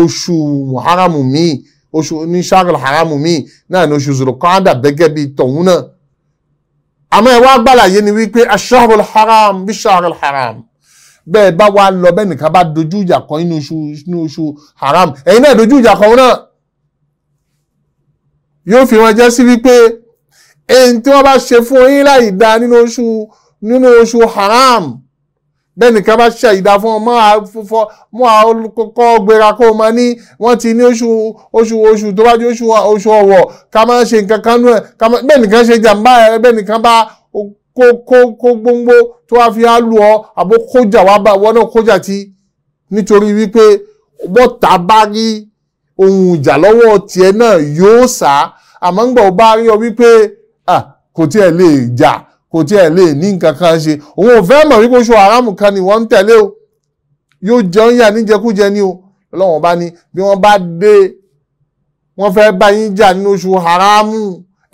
B: oṣù muharamu mi oṣù ní sharul haramu mi náà ní oṣù zulukọ́dà bẹ́gẹ́ bíi tọ̀hún náà àmọ́ ẹ wá gbàlàyé ni wípé asharul haram bí sharul haram bẹ́ẹ̀ bá wa lọ bẹ́ẹ̀ nìkan bá dojú ìjà kan nínú oṣù haram ẹ̀yin náà dojú ìjà kan náà yóò fi wọn jẹ́ sí wípé èyí tí wọ́n bá ṣe fún yín láì dá nínú oṣù nínú oṣù haram bẹ́ẹ̀ nìkan bá ṣe àìdá fún ọ mọ́ àkọ́kọ́ gbéra kó o máa ní wọ́n ti ní oṣù oṣù oṣù tó bá jẹ́ oṣù oṣù ọ̀wọ̀ ká máa ṣe nǹkan kan nú ẹ̀ bẹ́ẹ̀ nìkan ṣe jàǹbá ẹ̀ bẹ́ẹ̀ nìkan bá kó kó kó gbóngbó tó wá fi á lù ọ àbó kójà wá bá wọn náà kójà tí nítorí wípé bọ́tà bá rí ohun ìjà lọ́wọ́ tiẹ̀ náà yóò sá àmọ́ ń gbà bá rí ọ wípé kò tiẹ̀ lè jà kò tiẹ̀ lè ní nǹkan kan ṣe òun ò fẹ́ mọ̀ wípé oṣù haram kan ni wọ́n ń tẹ̀lé o yóò jẹun yà níjẹkújẹ ni o ọlọ́wọ́n bá ní bí wọ́n bá dé wọ́n fẹ́ bá yín jà nínú oṣù haram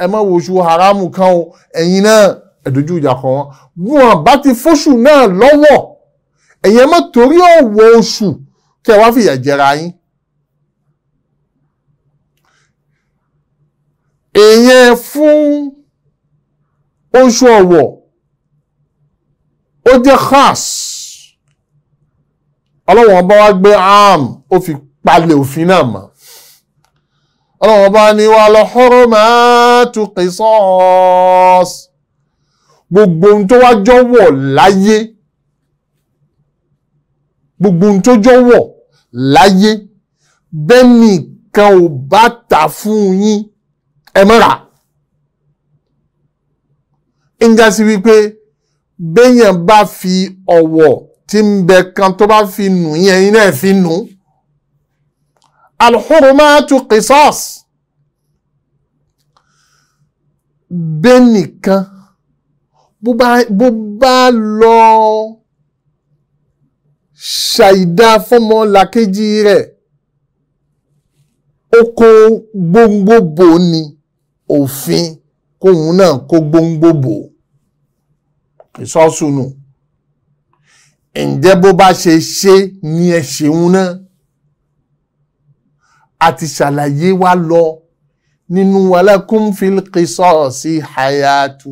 B: ẹ má wo oṣù haram kan o ẹ̀yin náà ẹ̀dójú ìjà kan wọn bí wọn bá ti fóṣù náà lọ́wọ́ ẹ̀yin ẹ má torí ọ̀wọ́ oṣù kẹ́ wá fìyà jẹra yín èèyàn fún oṣù ọ̀wọ̀ ó jẹ́ khas ọlọ́wọ̀n ọba wa gbé am ó fi palẹ̀ òfin náà mọ́ ọlọ́wọ̀n ọba ni wà lọ hóró máa tún qisas gbogbo ohun tó wá jọ́wọ́ láyé gbogbo ohun tó jọ́wọ́ láyé bẹ́ẹ̀ nìkan ò bá ta fún yín ẹ mọ́ra ń já sí wípé béèyàn bá fi ọ̀wọ̀ tí ń bẹ kan tó bá fi nù yẹn yín náà fi nù. alhurumatu qisas bẹ́nìkan bó bá lọ ṣàìdá fọ́mọ làkejì rẹ̀ oko gbogbogbò ni òfin kóhun náà kó gbóngbòbò ìsọ́sùnù ǹjẹ́ bó bá ṣe ṣe ni ẹ ṣeun náà àti ṣàlàyé wa lọ nínú walakum fil qisasi hayatu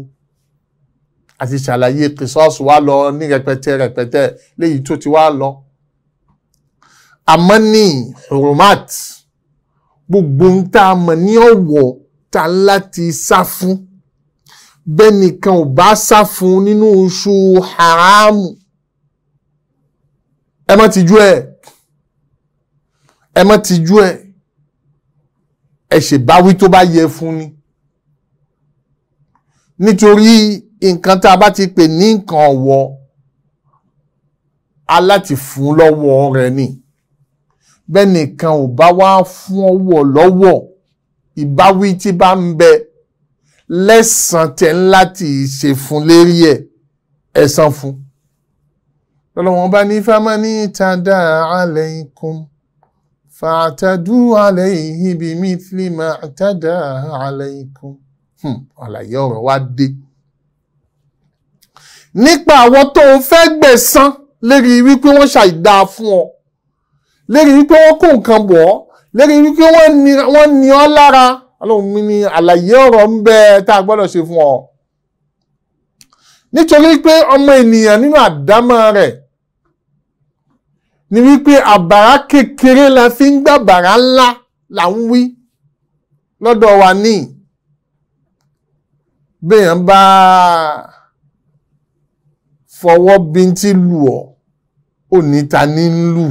B: àti ṣàlàyé qisasi wa lọ ní rẹpẹtẹ rẹpẹtẹ léyìí tó ti wá lọ àmọ́ hurumat gbogbo ń tá a mọ̀ ní ọ̀wọ̀ ta láti sá fún bẹ́nìkan ò bá sá fún nínú oṣù haramu ẹ má tijú ẹ ẹ má tijú ẹ ẹ ṣèbáwí tó bá yẹ fún ni nítorí nǹkan tá a bá ti pè ní nǹkan ọ̀wọ́ aláti lọ́wọ́ rẹ̀ ni bẹ́nìkan ò bá wá fún ọwọ́ lọ́wọ́ ìbáwí tí bá ń bẹ lẹ́sàn tẹ̀ ń láti ṣe fún lérí ẹ̀ ẹ̀sán fún. lọ́lọ́wọ́n bá ní fámá ní tàdá alaykum fàtàdú alayhi bimithli ma tàdá alaykum. Hmm, àlàyé ọ̀rọ̀ wá dé. nípa àwọn tó o fẹ́ gbẹ̀san lérí wípé wọ́n ṣàìdá fún ọ lérí wípé wọ́n kó nǹkan bọ̀ ọ́ lérí wípé wọ́n ní ọ́ lára ọlọ́run mi ni àlàyé ọ̀rọ̀ ń bẹ tá a gbọ́dọ̀ ṣe fún ọ nítorí pé ọmọ ènìyàn nínú àdámọ́ rẹ̀ ni wípé àbàrá kékeré la fi ń gbàbàrá ńlá là ń wí lọ́dọ̀ wa ní béèyàn bá fọwọ́ bíntí lù ọ́ òní ta ní lù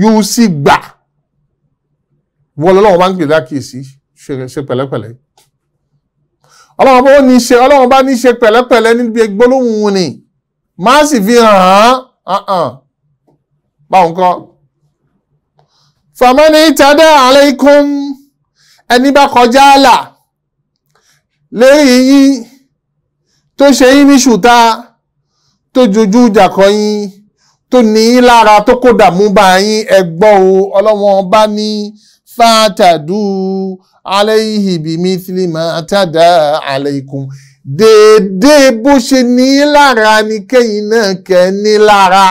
B: yóò sì gbà wọ́n lọ́wọ́ bá ń gbè lákìsí ṣe pẹ̀lẹ́pẹ̀lẹ́ ọlọ́wọ́n bá ní ṣe ọlọ́wọ́n bá ní ṣe pẹ̀lẹ́pẹ̀lẹ́ níbi gbólóhùn ni má sì fi hàn án báwọn kọ́ fàmọ́ni tàdé alaykum ẹni bá kọjá àlà lérí yín tó ṣe yín ní ṣùtá tó jojú jàkọ yín tó ní lára tó kó dààmú bá yín ẹgbọ́n o ọlọ́wọ́n bá ní fàtàdù aláìhì bí mithili máa tàdá aláìkùn dédé bó ṣe ní lára ni kẹ́yìn náà kẹ́ ní lára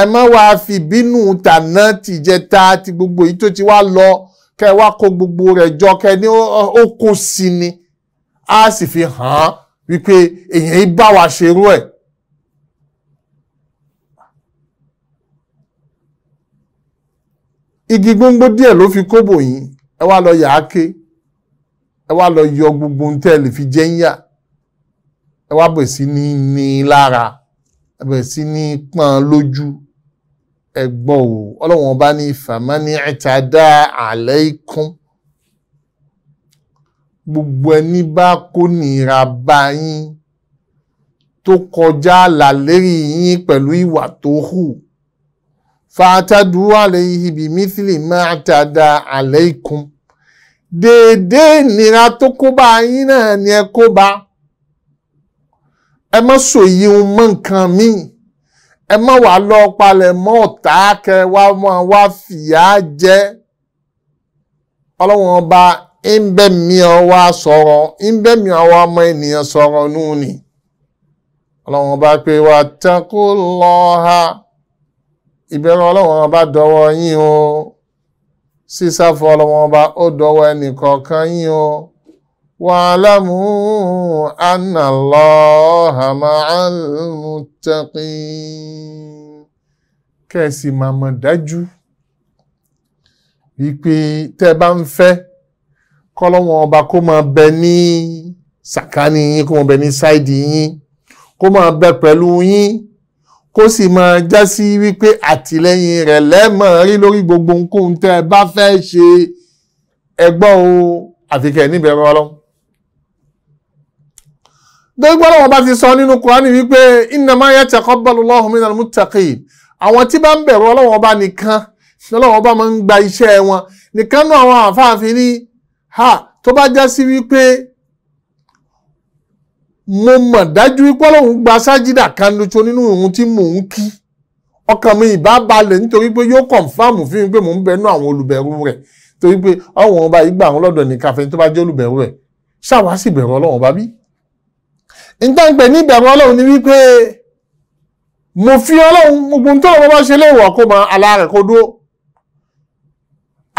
B: ẹ má wàá fi bínú tàná tìjẹta ti gbogbo yìí tó ti wá lọ kẹ wá kó gbogbo rẹ̀ jọ kẹ ní ó sí ni a sì fi hàn án wípé èèyàn bá wa ṣerú ẹ̀. igi gbóngbó díẹ̀ ló fi kóbò yín ẹ wá lọ yà á ké ẹ wá lọ yọ gbogbo ohun tẹ́ ẹ lè fi jẹ́ ń yà ẹ wá bẹ̀rẹ̀ sí ní ní lára ẹ bẹ̀rẹ̀ sí ní pọ́n lójú ẹ o ọlọ́wọ́n bá ní famani itada alaykum gbogbo ẹni bá kó nira bá yín tó kọjá àlà yín pẹ̀lú ìwà tó hù fàtàdù àlẹ́yìn ibi mithili mẹ́tàdà àlẹ́kùn dèédé ìnira tó kó yín náà ni ẹ kó ẹ má sòyí ohun mọ́ nǹkan míì ẹ má wàá lọ palẹ̀ mọ́ ọ̀tá kẹ máa wá fìyà jẹ ọlọ́wọ́n ọba ń bẹ́ mi ọ wá sọ̀rọ̀ ń bẹ́ mi ìbẹ̀rù ọlọ́wọ́n ọba dọwọ́ yín o sísáfọ́ ọlọ́wọ́n ọba ó dọwọ́ ẹnìkọ̀ọ̀kan yín o wa'lamu anna Allaha ma'al muttaqin kẹ́ẹ̀sì màmọ̀ dájú wípé tẹ́ bá ń fẹ́ kọ́lọ́wọ́n ọba kó máa bẹ ní sàkání yín kó máa bẹ ní sáìdì yín kó máa bẹ pẹ̀lú yín kó sì máa já sí wípé àtìlẹ́yìn rẹ̀ lẹ́mọ̀ rí lórí gbogbo nǹkan tẹ́ ẹ bá fẹ́ ṣe ẹgbọ́n o àfikẹ́ níbẹ̀rù ọlọ́run dọ́gbọ́n wọn bá ti sọ nínú kùránì wípé innama yataqabbalu Allahu minal muttaqin àwọn tí bá ń bẹ̀rù ọlọ́wọ́n bá nìkan lọ́wọ́n bá máa ń gba iṣẹ́ wọn nìkan náà àwọn àfáàfin ní ha tó bá já sí wípé mo mọ̀ dájú wípé ọlọ́run gba sájídà kan lóṣo nínú ohun tí mò ń kí ọkàn mi ìbá balẹ̀ nítorí pé yóò kọ̀nfàmù fún mi pé mò ń bẹnu àwọn olùbẹ̀rù rẹ̀ torí pé ọ̀wọ́n ọba yìí gbà àwọn lọ́dọ̀ ní káfẹ́ tó bá jẹ́ olùbẹ̀rù rẹ̀ ṣáwa sì bẹ̀rù ọlọ́run ọba bí. ìtànpẹ̀ ní ìbẹ̀rù ọlọ́run ni wípé mo fi ọlọ́run gbogbo tó ọlọ́run bá ṣe léèwọ̀ kó máa alárẹ̀ kó dúró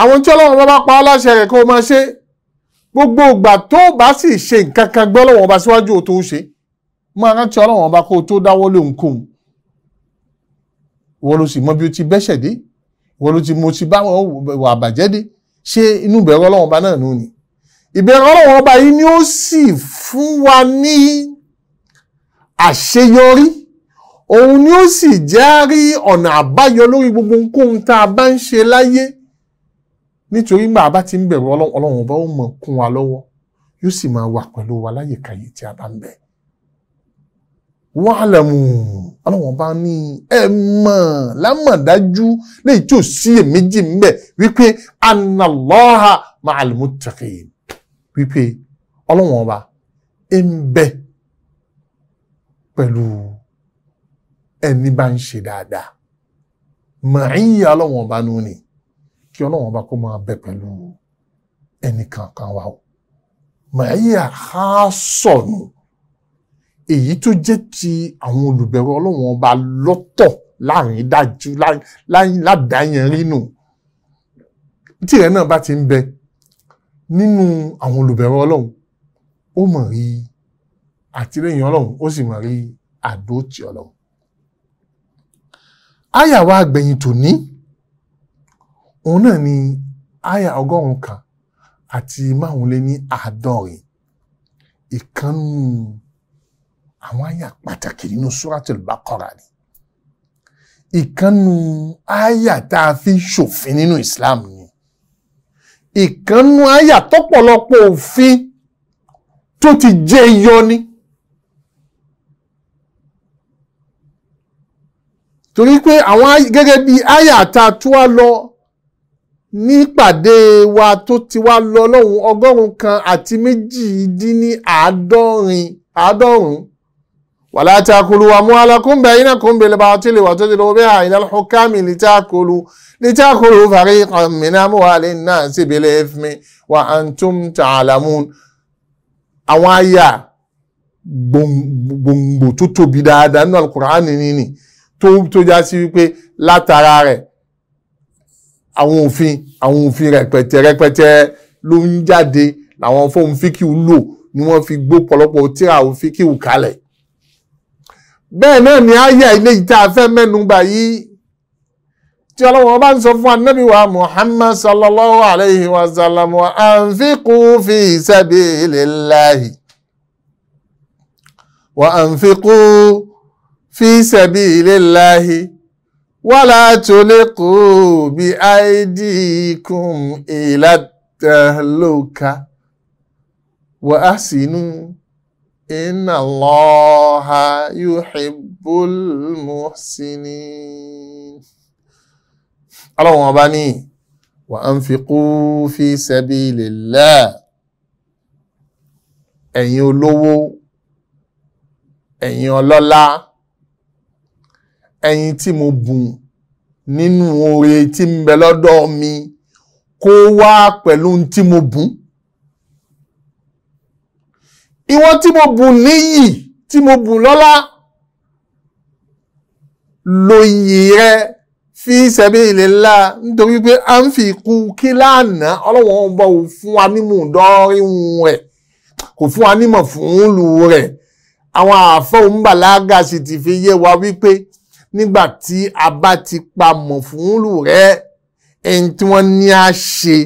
B: àwọn tí ọlọ́run bá pa aláṣẹ rẹ̀ kó máa ṣe gbogbo ìgbà tó bá sì ṣe nǹkan kan gbọ́ lọ́wọ́ ọba síwájú ò tó ṣe máa rántí ọlọ́wọ́n ọba kó o tó dáwọ́ lé ohunkóhun wọ́n ló sì mọ bí o ti bẹ́sẹ̀ dé wọ́n ló ti mo ti bá wọn wà bàjẹ́ dé ṣé inú ìbẹ̀rù ọlọ́wọ́n ọba náà ni ìbẹ̀rù ọlọ́wọ́n ọba yìí ni ó sì fún wa ní àṣeyọrí òun ni ó sì jẹ́ rí ọ̀nà àbáyọ lórí gbogbo ohunkóhun tá a bá ń ṣe láyé nítorí gbà bá ti ń bẹ̀rù ọlọ́run ọba ó mọ̀ kún wa lọ́wọ́ yóò sì máa wà pẹ̀lú wa láyìíká yìí tí a bá ń bẹ̀. wàhálàmù ọlọ́run ọba ní ẹ mọ̀ lámọ̀dájú léyìí tí ò sí èméjì ń bẹ̀ wípé anàlọ́ha ma'al muttaqin wípé ọlọ́run ọba ń bẹ pẹ̀lú ẹni bá ń ṣe dáadáa màáyí ọlọ́run ọba nù ni kí ọlọ́run ọba kó máa bẹ pẹ̀lú ẹnì kankan wa o màáyà á sọ̀nù èyí tó jẹ́ ti àwọn olùbẹ̀rù ọlọ́run ọba lọ́tọ̀ láàrin dájú ládàáyẹn rínú tìrẹ náà bá ti ń bẹ nínú àwọn olùbẹ̀rù ọlọ́run ó mọ̀ rí àtìlẹ́yìn ọlọ́run ó sì mọ̀ rí àdóòtì ọlọ́run. àyà wa tòní òun náà ni àyà ọgọ́rùn-ún kan àti márùnléní àádọ́rin ìkànnù àwọn àyà pàtàkì nínú Suratul Baqara ni ìkànnù àyà tá a fi ṣòfin nínú Islam ni ìkànnù àyà tọ́pọ̀lọpọ̀ òfin tó ti jẹ́ yọ ni. torí pé àwọn gẹ́gẹ́ bí àyà tá a tú wá lọ nípàdé wa tó ti wá lọ lọ́hùn ọgọ́rùn kan àti méjì dín ní àádọ́rin àádọ́rùn wàlá takulu wa muhalakum bainakum bil batili wa tudlu biha ila al hukami litakulu litakulu fariqan min amwali nnasi bil ithmi wa antum ta'lamun àwọn àyà gbòǹgbò tó tóbi dáadáa nínú al-Qur'ani nínú tó já sí wípé látara rẹ̀ àwọn òfin àwọn òfin rẹpẹtẹ rẹpẹtẹ ló ń jáde làwọn fóun fíkìú lò ni wọ́n fi gbó pọ̀lọpọ̀ tíra òun fíkìú kalẹ̀ bẹ́ẹ̀ náà ni àyà ilé ìta afẹ́ mẹ́nu bà yìí tí ọlọ́wọ́ bá ń sọ fún anábì wa muhammad sallallahu alayhi wa sallam wa anfiqu fi sabilillahi wa anfiqu fi sabilillahi wọ́lá tó lè kó bí àìdí kùn ìlàtàlóka wà á sínú inna Allaha yuhibbul muhsinin. ọlọ́run ọba ní wa anfiqu fi sabilillah ẹ̀yin olówó ẹ̀yin ọlọ́lá ẹyin tí mo bùn nínú oore tí ń bẹ lọ́dọ̀ mi kó wá pẹ̀lú tí mo bùn. ìwọ tí mo bùn níyì tí mo bùn lọ́lá lo iyì rẹ fi sabilillah nítorí pé à ń fi kú kí lánàá ọlọ́wọ́n ọba ò fún wa nímọ̀ dọ́rìhun rẹ̀ kò fún wa nímọ̀ fún lù rẹ̀ àwọn àfọ̀ ń bàlágà sì ti fi yé wa wípé nígbà tí a bá ti pa mọ̀ fún lù rẹ̀ ẹni tí wọ́n ní a ṣe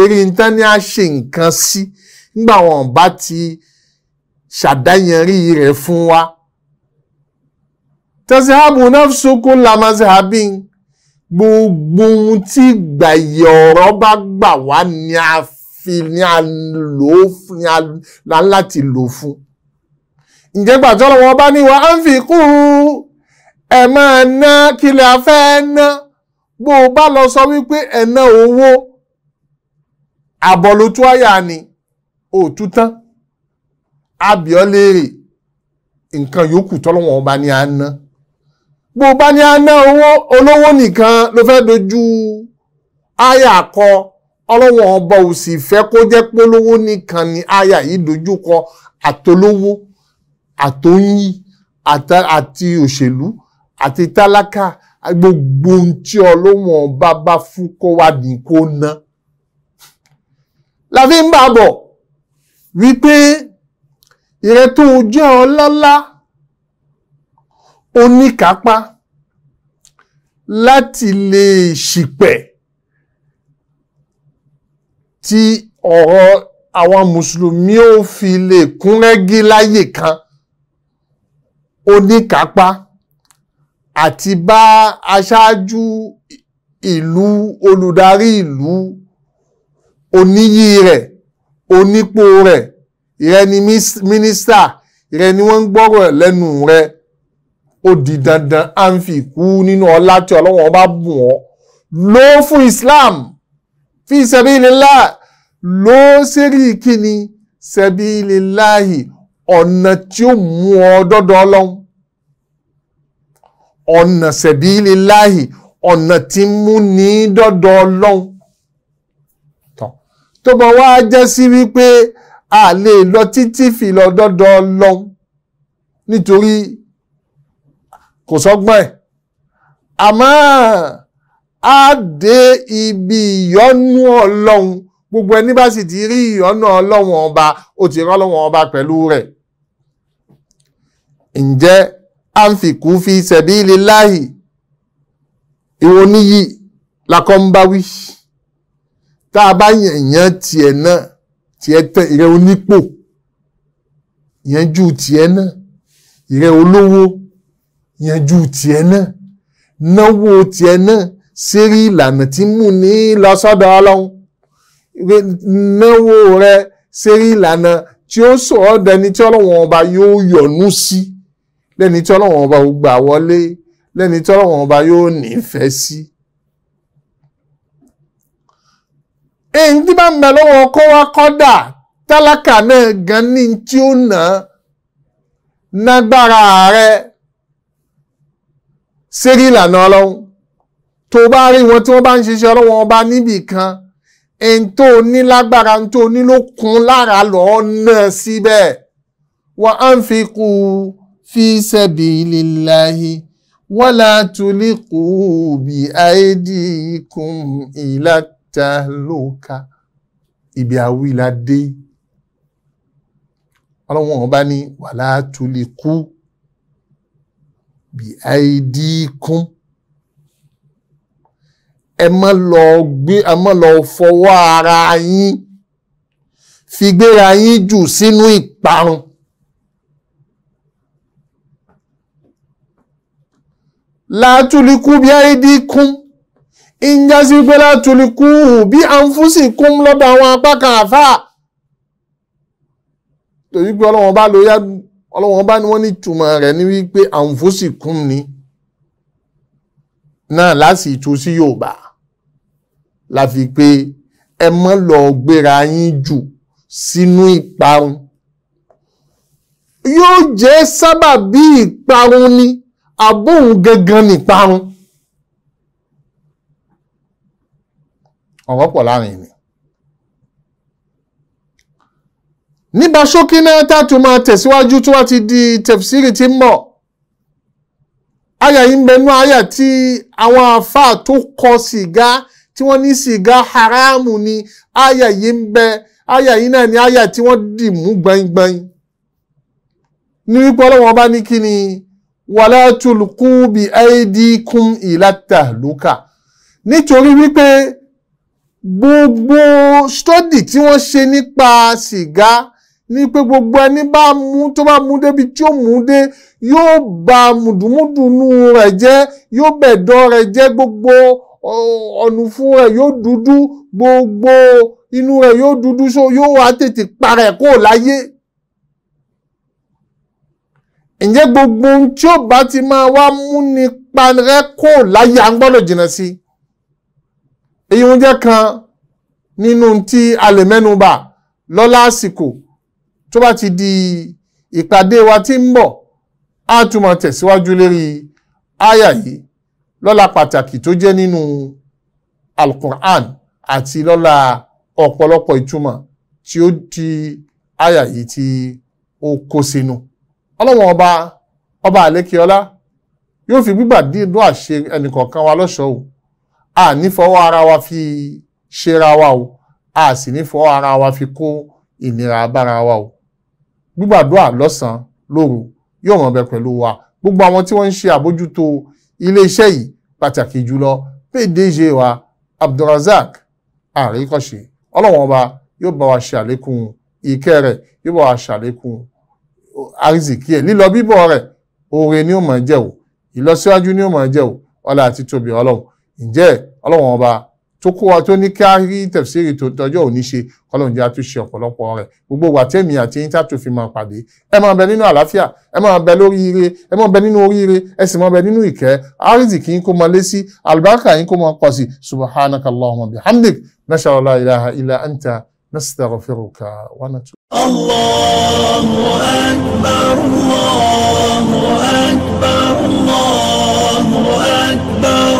B: eré tán ní a ṣe nǹkan sí nígbà wọn bá ti ṣàdáyanrí rẹ̀ fún wa. tẹ̀síhábù náà sókó lamazhabi gbogbo ohun tí gbàyè ọ̀rọ̀ bá gbà wá ni a fi ni a lò ó fún ni a láti lò fún. ǹjẹ́ gbàtọ́ lọ́wọ́ bá ní wa á ń fi kún un ẹ máa ná kí la fẹ́ ná bó o bá lọ sọ wípé ẹ ná owó àbọ̀lótú àyà ni òtútán abiọ́lérè nǹkan yòókù tọ́lọ́wọ́n ọba ni a ná bó o bá ní a ná owó olówó nìkan ló fẹ́ dojú àyà kọ ọlọ́wọ́n ọba ò sì fẹ́ kó jẹ́ polówó nìkan ni àyà yìí dojú kọ àtolówó àtóyìn àti òṣèlú àti tálákà gbogbo ohun tí ọlọ́wọ́n bá bá fún kó wá ní kó ná. la fi ń bá bọ̀ wípé ìrẹ́ tó jẹ́ ọlọ́lá oníkápá láti lè ṣìpẹ̀ tí ọ̀rọ̀ àwọn mùsùlùmí ò fi lè kúnrẹ́gí láyè kan oníkápá àti bá aṣáájú ìlú olùdarí ìlú oníyì rẹ̀ onípò rẹ̀ ìrẹ́ ni mínísítà ìrẹ́ ni wọ́n ń gbọ́rọ̀ ẹ̀ lẹ́nu rẹ̀ ó di dandan à ń fi kú nínú ọlá tí ọlọ́wọ́n bá bù wọ́n lò fún Islam fi sabilillah lò ó sérí kíni sabilillahi ọ̀nà tí ó mú ọ dọ́dọ̀ ọlọ́run ọ̀nà sẹ̀bílì láàyè ọ̀nà tí mú ní dọ́dọ̀ ọlọ́run tán tó bọ̀ wá jẹ́ sí wípé a lè lọ títí fi lọ dọ́dọ̀ ọlọ́run nítorí kò sọ́gbọ́n ẹ̀ àmọ́ a dé ibi ìyọ́nú ọlọ́run gbogbo ẹni bá sì ti rí ìyọ́nú ọlọ́run ọba ó ti rọ́lọ́run ọba pẹ̀lú rẹ̀ ǹjẹ́ àǹfìkú fi sabilillahi ìwọ níyì lakọ́ ń bá wí tá a bá yẹ̀yàn tiẹ̀ náà tiẹ̀ tẹ̀ ìrẹ́ onípò yanjú tiẹ̀ náà ìrẹ́ olówó yanjú tiẹ̀ náà náwó tiẹ̀ náà sérí ìlànà tí mú ní lọ ọlọ́run náwó rẹ sérí ìlànà tí ó sọ ọ́ dẹni tí ọlọ́run ọba yóò yọ́nú sí. Si lẹ́ni tí ọlọ́wọ́n ọba ò gbà wọlé lẹ́ni tí ọlọ́wọ́n ọba yóò nífẹ̀ẹ́ sí. èyí tí bá ń bẹ lọ́wọ́ kó wá kọ́dà tálákà náà gan ní tí ó nà nágbára rẹ sérí ìlànà ọlọ́run tó bá rí wọn tí wọ́n bá ń ṣiṣẹ́ ọlọ́wọ́n ọba níbì kan èyí tó ní lágbára tó ní ló kún lára lọ́ọ́ náà síbẹ̀ wọ́n á ń fi kú u fi sabilillahi wala tuliqu bi aidikum ila tahluka ibi àwíládé ọlọ́wọ́n ọba ní wala tuliqu bi aidikum ẹ má lọ gbé ẹ má lọ fọwọ́ ara yín fi gbéra yín jù sínú ìparun látúlikú bí àìdí kún ń já sí pé látúlikú bí àǹfúsì kún lọ́dọ̀ àwọn apá kan àfáà torí pé ọlọ́wọ́n bá lo yá ọlọ́wọ́n bá ní wọ́n ní ìtumọ̀ rẹ̀ ní wípé àǹfúsì kún ni náà láti ìtú sí Yorùbá la fi pé ẹ mọ́ lọ gbéra yín jù sínú ìparun yóò jẹ́ sábàbí ìparun ni abóhun gangan nìparun ọ̀rọ̀ pọ̀ láàrin ìní. níbà ṣókí náà tààtù máa tẹ̀síwájú tí wọ́n ti di tẹ̀fsírì tí ń bọ̀ àyà yìí ń bẹnu àyà tí àwọn àáfàá tó kọ sìgá tí wọ́n ní sìgá haramu ni àyà yìí ń bẹ àyà yìí náà ni àyà tí wọ́n dì mú gbẹ̀ngbẹ̀ng ní wípé ọlọ́wọ́n bá ní kí ni. Ayya wala tulqu bi aidikum ila tahluka nítorí wípé gbogbo stọ́dì tí wọ́n ṣe nípa sìgá ní pé gbogbo ẹni bá mú tó bá mú débi tí ó mú dé yóò ba mùdùmúdùnú rẹ̀ jẹ́ yóò bẹ̀dọ̀ rẹ̀ jẹ́ gbogbo ọ̀nùfún rẹ̀ yóò dúdú gbogbo inú rẹ̀ yóò dúdú so yóò wá tètè para kó láyé ǹjẹ́ gbogbo ohun tí ó bá ti máa wá mú ni panrẹ́kò láyé à ń gbọ́dọ̀ jìnnà sí èyí ń jẹ́ kan nínú tí a lè mẹ́nubà lọ́lá àsìkò tó bá ti di ìpàdé wa tí ń bọ̀ á túmọ̀ tẹ̀síwájú lérí àyà yìí lọ́lá pàtàkì tó jẹ́ nínú alukur'an àti lọ́lá ọ̀pọ̀lọpọ̀ ìtumọ̀ tí ó di àyà yìí tí ó kó sínú ọlọ́wọ́n ọba ọba àlékeọlá yóò fi gbígbà dídún àṣe ẹnìkọ̀ọ̀kan wa lọ́ṣọ̀ọ́ o a ní fọwọ́ ara wa fi ṣera wa o a sì ní fọwọ́ ara wa fi kó ìnira bára wa o gbígbàdúrà lọ́sàn-án lóru yóò mọ̀ bẹ pẹ̀lú wa gbogbo àwọn tí wọ́n ń ṣe àbójútó iléeṣẹ́ yìí pàtàkì jùlọ pdg wa abdulrasaq àríkọ̀ṣe ọlọ́wọ́n ọba yóò bá wa ṣàlékún ìkẹ́ rẹ̀ yóò bá wa ṣàlékún àrísìkí ẹ̀ lílọ bíbọ̀ rẹ̀ oore ni ó máa jẹ́ o ìlọsíwájú ni ó máa jẹ́ o ọlá àti tóbi ọlọ́run ǹjẹ́ ọlọ́run ọba tó kó wa tó ní kí a rí tẹ̀síìrì tó tọjọ́ òní ṣe ọlọ́run jẹ́ àtúnṣe ọ̀pọ̀lọpọ̀ rẹ̀ gbogbo wa tẹ́mi àti yín tàtó fi máa pàdé ẹ máa bẹ nínú àlàáfíà ẹ máa bẹ lórí ire ẹ máa bẹ nínú oríire ẹ sì máa bẹ nínú ìkẹ́ àrísì kí n kó máa lé sí àlùbáríkà yín kó máa pọ̀ sí subhanakallahumma bihamdik nashalala ilaha illa anta نستغفرك ونتوب
A: الله أكبر الله أكبر الله أكبر